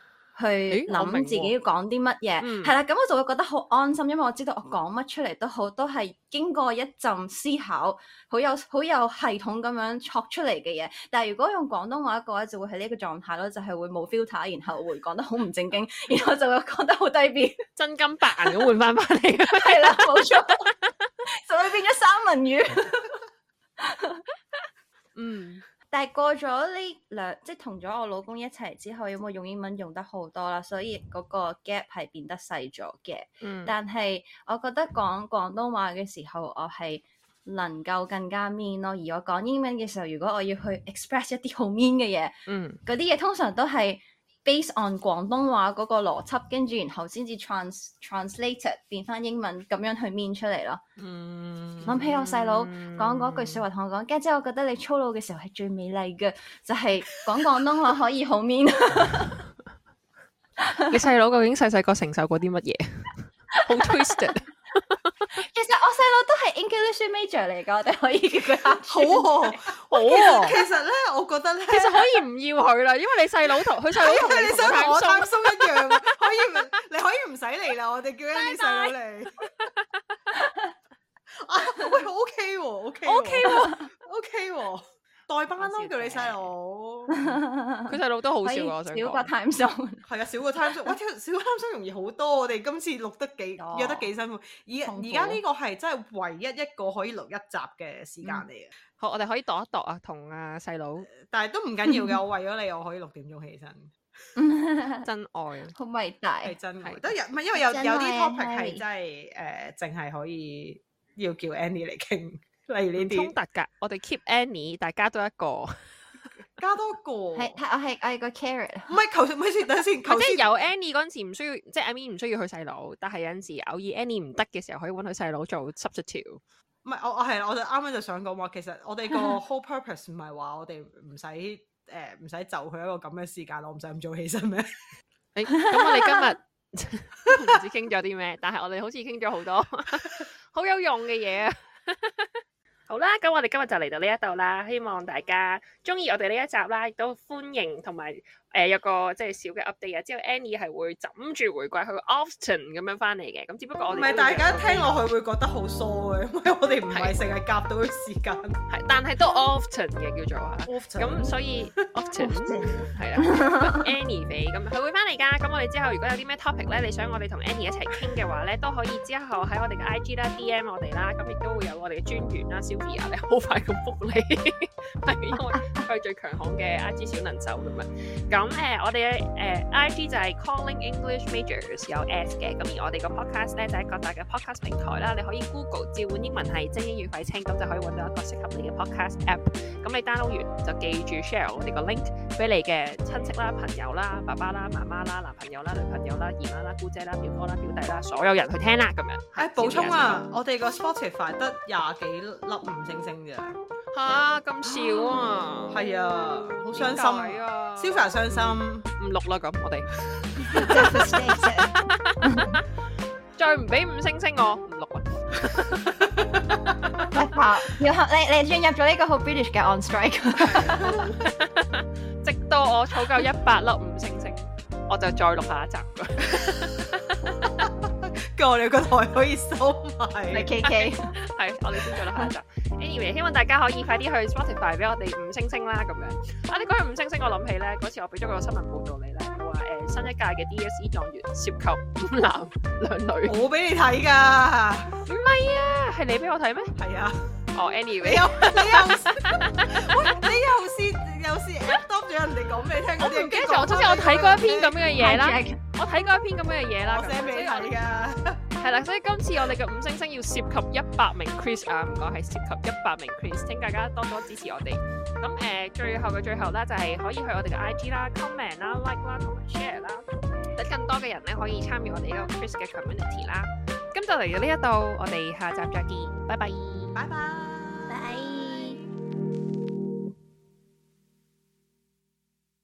去諗自己要講啲乜嘢，係啦，咁我，啊、我就會覺得好安心，因為我知道我講乜出嚟都好，都係經過一陣思考，好有好有系統咁樣出出嚟嘅嘢。但係如果用廣東話講，就會喺呢一個狀態咯，就係、是、會冇 filter，然後會講得好唔正經，然後就會講得好低 b， *laughs* 真金白銀咁換翻翻嚟，係啦， *laughs* 冇錯， *laughs* *laughs* 就會變咗三文魚， *laughs* 嗯。但係過咗呢兩，即係同咗我老公一齊之後，因為用英文用得好多啦，所以嗰個 gap 係變得細咗嘅。嗯，但係我覺得講廣東話嘅時候，我係能夠更加 mean 咯。而我講英文嘅時候，如果我要去 express 一啲好 mean 嘅嘢，嗯，嗰啲嘢通常都係。Based on 廣東話嗰個邏輯，跟住然後先至 trans translated 變翻英文咁樣去 mean 出嚟咯。諗、嗯、起我細佬講嗰句説話同我講，跟住、嗯、我覺得你粗魯嘅時候係最美麗嘅，就係、是、講廣東話可以好 mean。 *laughs* *laughs* 你細佬究竟細細個承受過啲乜嘢？好 *laughs* *laughs* 很 twisted。 *laughs* *laughs* 其實我細佬都係 English major 嚟噶，我哋可以叫佢。好哦、啊， *laughs* 好哦、啊。其實咧，我覺得咧，其實可以唔要佢啦，因為你細佬同佢細佬你想同 *laughs* 我寬鬆一樣， *laughs* 可以唔 *laughs* 你可以唔使嚟啦，我哋叫阿 B 細佬嚟。啊，喂，OK，OK，OK，OK。代班咯，叫你細佬，佢細佬都好少我想少個 time zone，係啊，少個 time zone，哇，少個 time zone 容易好多。我哋今次錄得幾，約得幾辛苦。而而家呢個係真係唯一一個可以錄一集嘅時間嚟嘅。好，我哋可以度一度啊，同啊細佬。但係都唔緊要嘅，我為咗你，我可以六點鐘起身。真愛，好偉大，係真愛。都有，唔係因為有有啲 topic 係真係誒，淨係可以要叫 Annie 嚟傾。衝突噶，我哋 keep Annie，大家都一個 *laughs* 加多個，係係我係我係個 carrot。唔係，求先唔係先，等先。頭先有 Annie 嗰陣時唔需要，即係阿咪唔需要佢細佬，但係有陣時偶爾 Annie 唔得嘅時候，可以搵佢細佬做 substitute。唔係，我我係我就啱啱就想講話，其實我哋個 whole purpose 唔係話我哋唔使誒唔使就佢一個咁嘅時間，我唔使咁早起身咩？誒 *laughs* 欸，咁、嗯、我哋今日唔 *laughs* 知傾咗啲咩，但係我哋好似傾咗好多 *laughs* 好有用嘅嘢啊！ *laughs* 好啦，咁我哋今日就嚟到呢一度啦，希望大家鍾意我哋呢一集啦，亦都歡迎同埋。誒、呃、有一個即係小嘅 update 啊，之後 Annie 係會枕住回歸去 often 咁樣翻嚟嘅，咁只不過我唔係大家聽落去會覺得好疏嘅，因為我哋唔係成日夾到啲時間，對對但係都 often 嘅叫做啊咁 Often.、嗯、所以 often 係啦，Annie 俾咁佢會翻嚟㗎。咁我哋之後如果有啲咩 topic 咧，你想我哋同 Annie 一齊傾嘅話咧，都可以之後喺我哋嘅 IG 啦、DM 我哋啦，咁亦都會有我哋嘅專員啦、Sophia 咧好快咁覆你，係 *laughs* 因為佢係最強項嘅 IG 小能手咁樣。咁誒、呃，我哋嘅誒 IG 就係 Calling English Majors 有 S 嘅，咁而我哋個 podcast 咧就喺、是、各大嘅 podcast 平台啦，你可以 Google 召喚英文係精英語廢青，咁就可以揾到一個適合你嘅 podcast app。咁你 download 完就記住 share 我哋個 link 俾你嘅親戚啦、朋友啦、爸爸啦、媽媽啦、男朋友啦、女朋友啦、姨媽啦、姑姐啦、表哥啦、表弟啦，所有人去聽啦咁樣。誒、欸，補充啊，充啊我哋個 spotify 得廿幾粒五星星嘅。吓，咁少啊！係啊，好傷心啊！Sofa 傷心，唔錄啦咁，我哋再唔俾五星星我唔錄啦。好，然後你你進入咗呢個好 British 嘅 on strike，直到我儲夠一百粒五星星，我就再錄下一集。我哋個台可以收埋。你 K K，係我哋先再錄下一集。Anyway，希望大家可以快啲去 Spotify 俾我哋五星星啦咁樣。啊，你講起五星星，我諗起咧，嗰次我俾咗個新聞報道你咧，話誒新一屆嘅 DSE 狀元涉及男兩女。我俾你睇噶，唔係啊，係你俾我睇咩？係啊，哦 Anyway。你又你又試又試，當咗人哋講俾你聽。我唔記得咗，總之我睇過一篇咁嘅嘢啦，我睇過一篇咁樣嘅嘢啦。我寫俾你噶。係啦，所以今次我哋嘅五星星要涉及一百名 Chris 啊，唔該係涉及一百名 Chris，請大家多多支持我哋。咁誒、呃，最後嘅最後咧，就係、是、可以去我哋嘅 IG 啦、comment 啦、like 啦、同埋 share 啦，等更多嘅人咧可以參與我哋呢個 Chris 嘅 community 啦。咁就嚟到呢一度，我哋下集再見，拜拜，拜拜。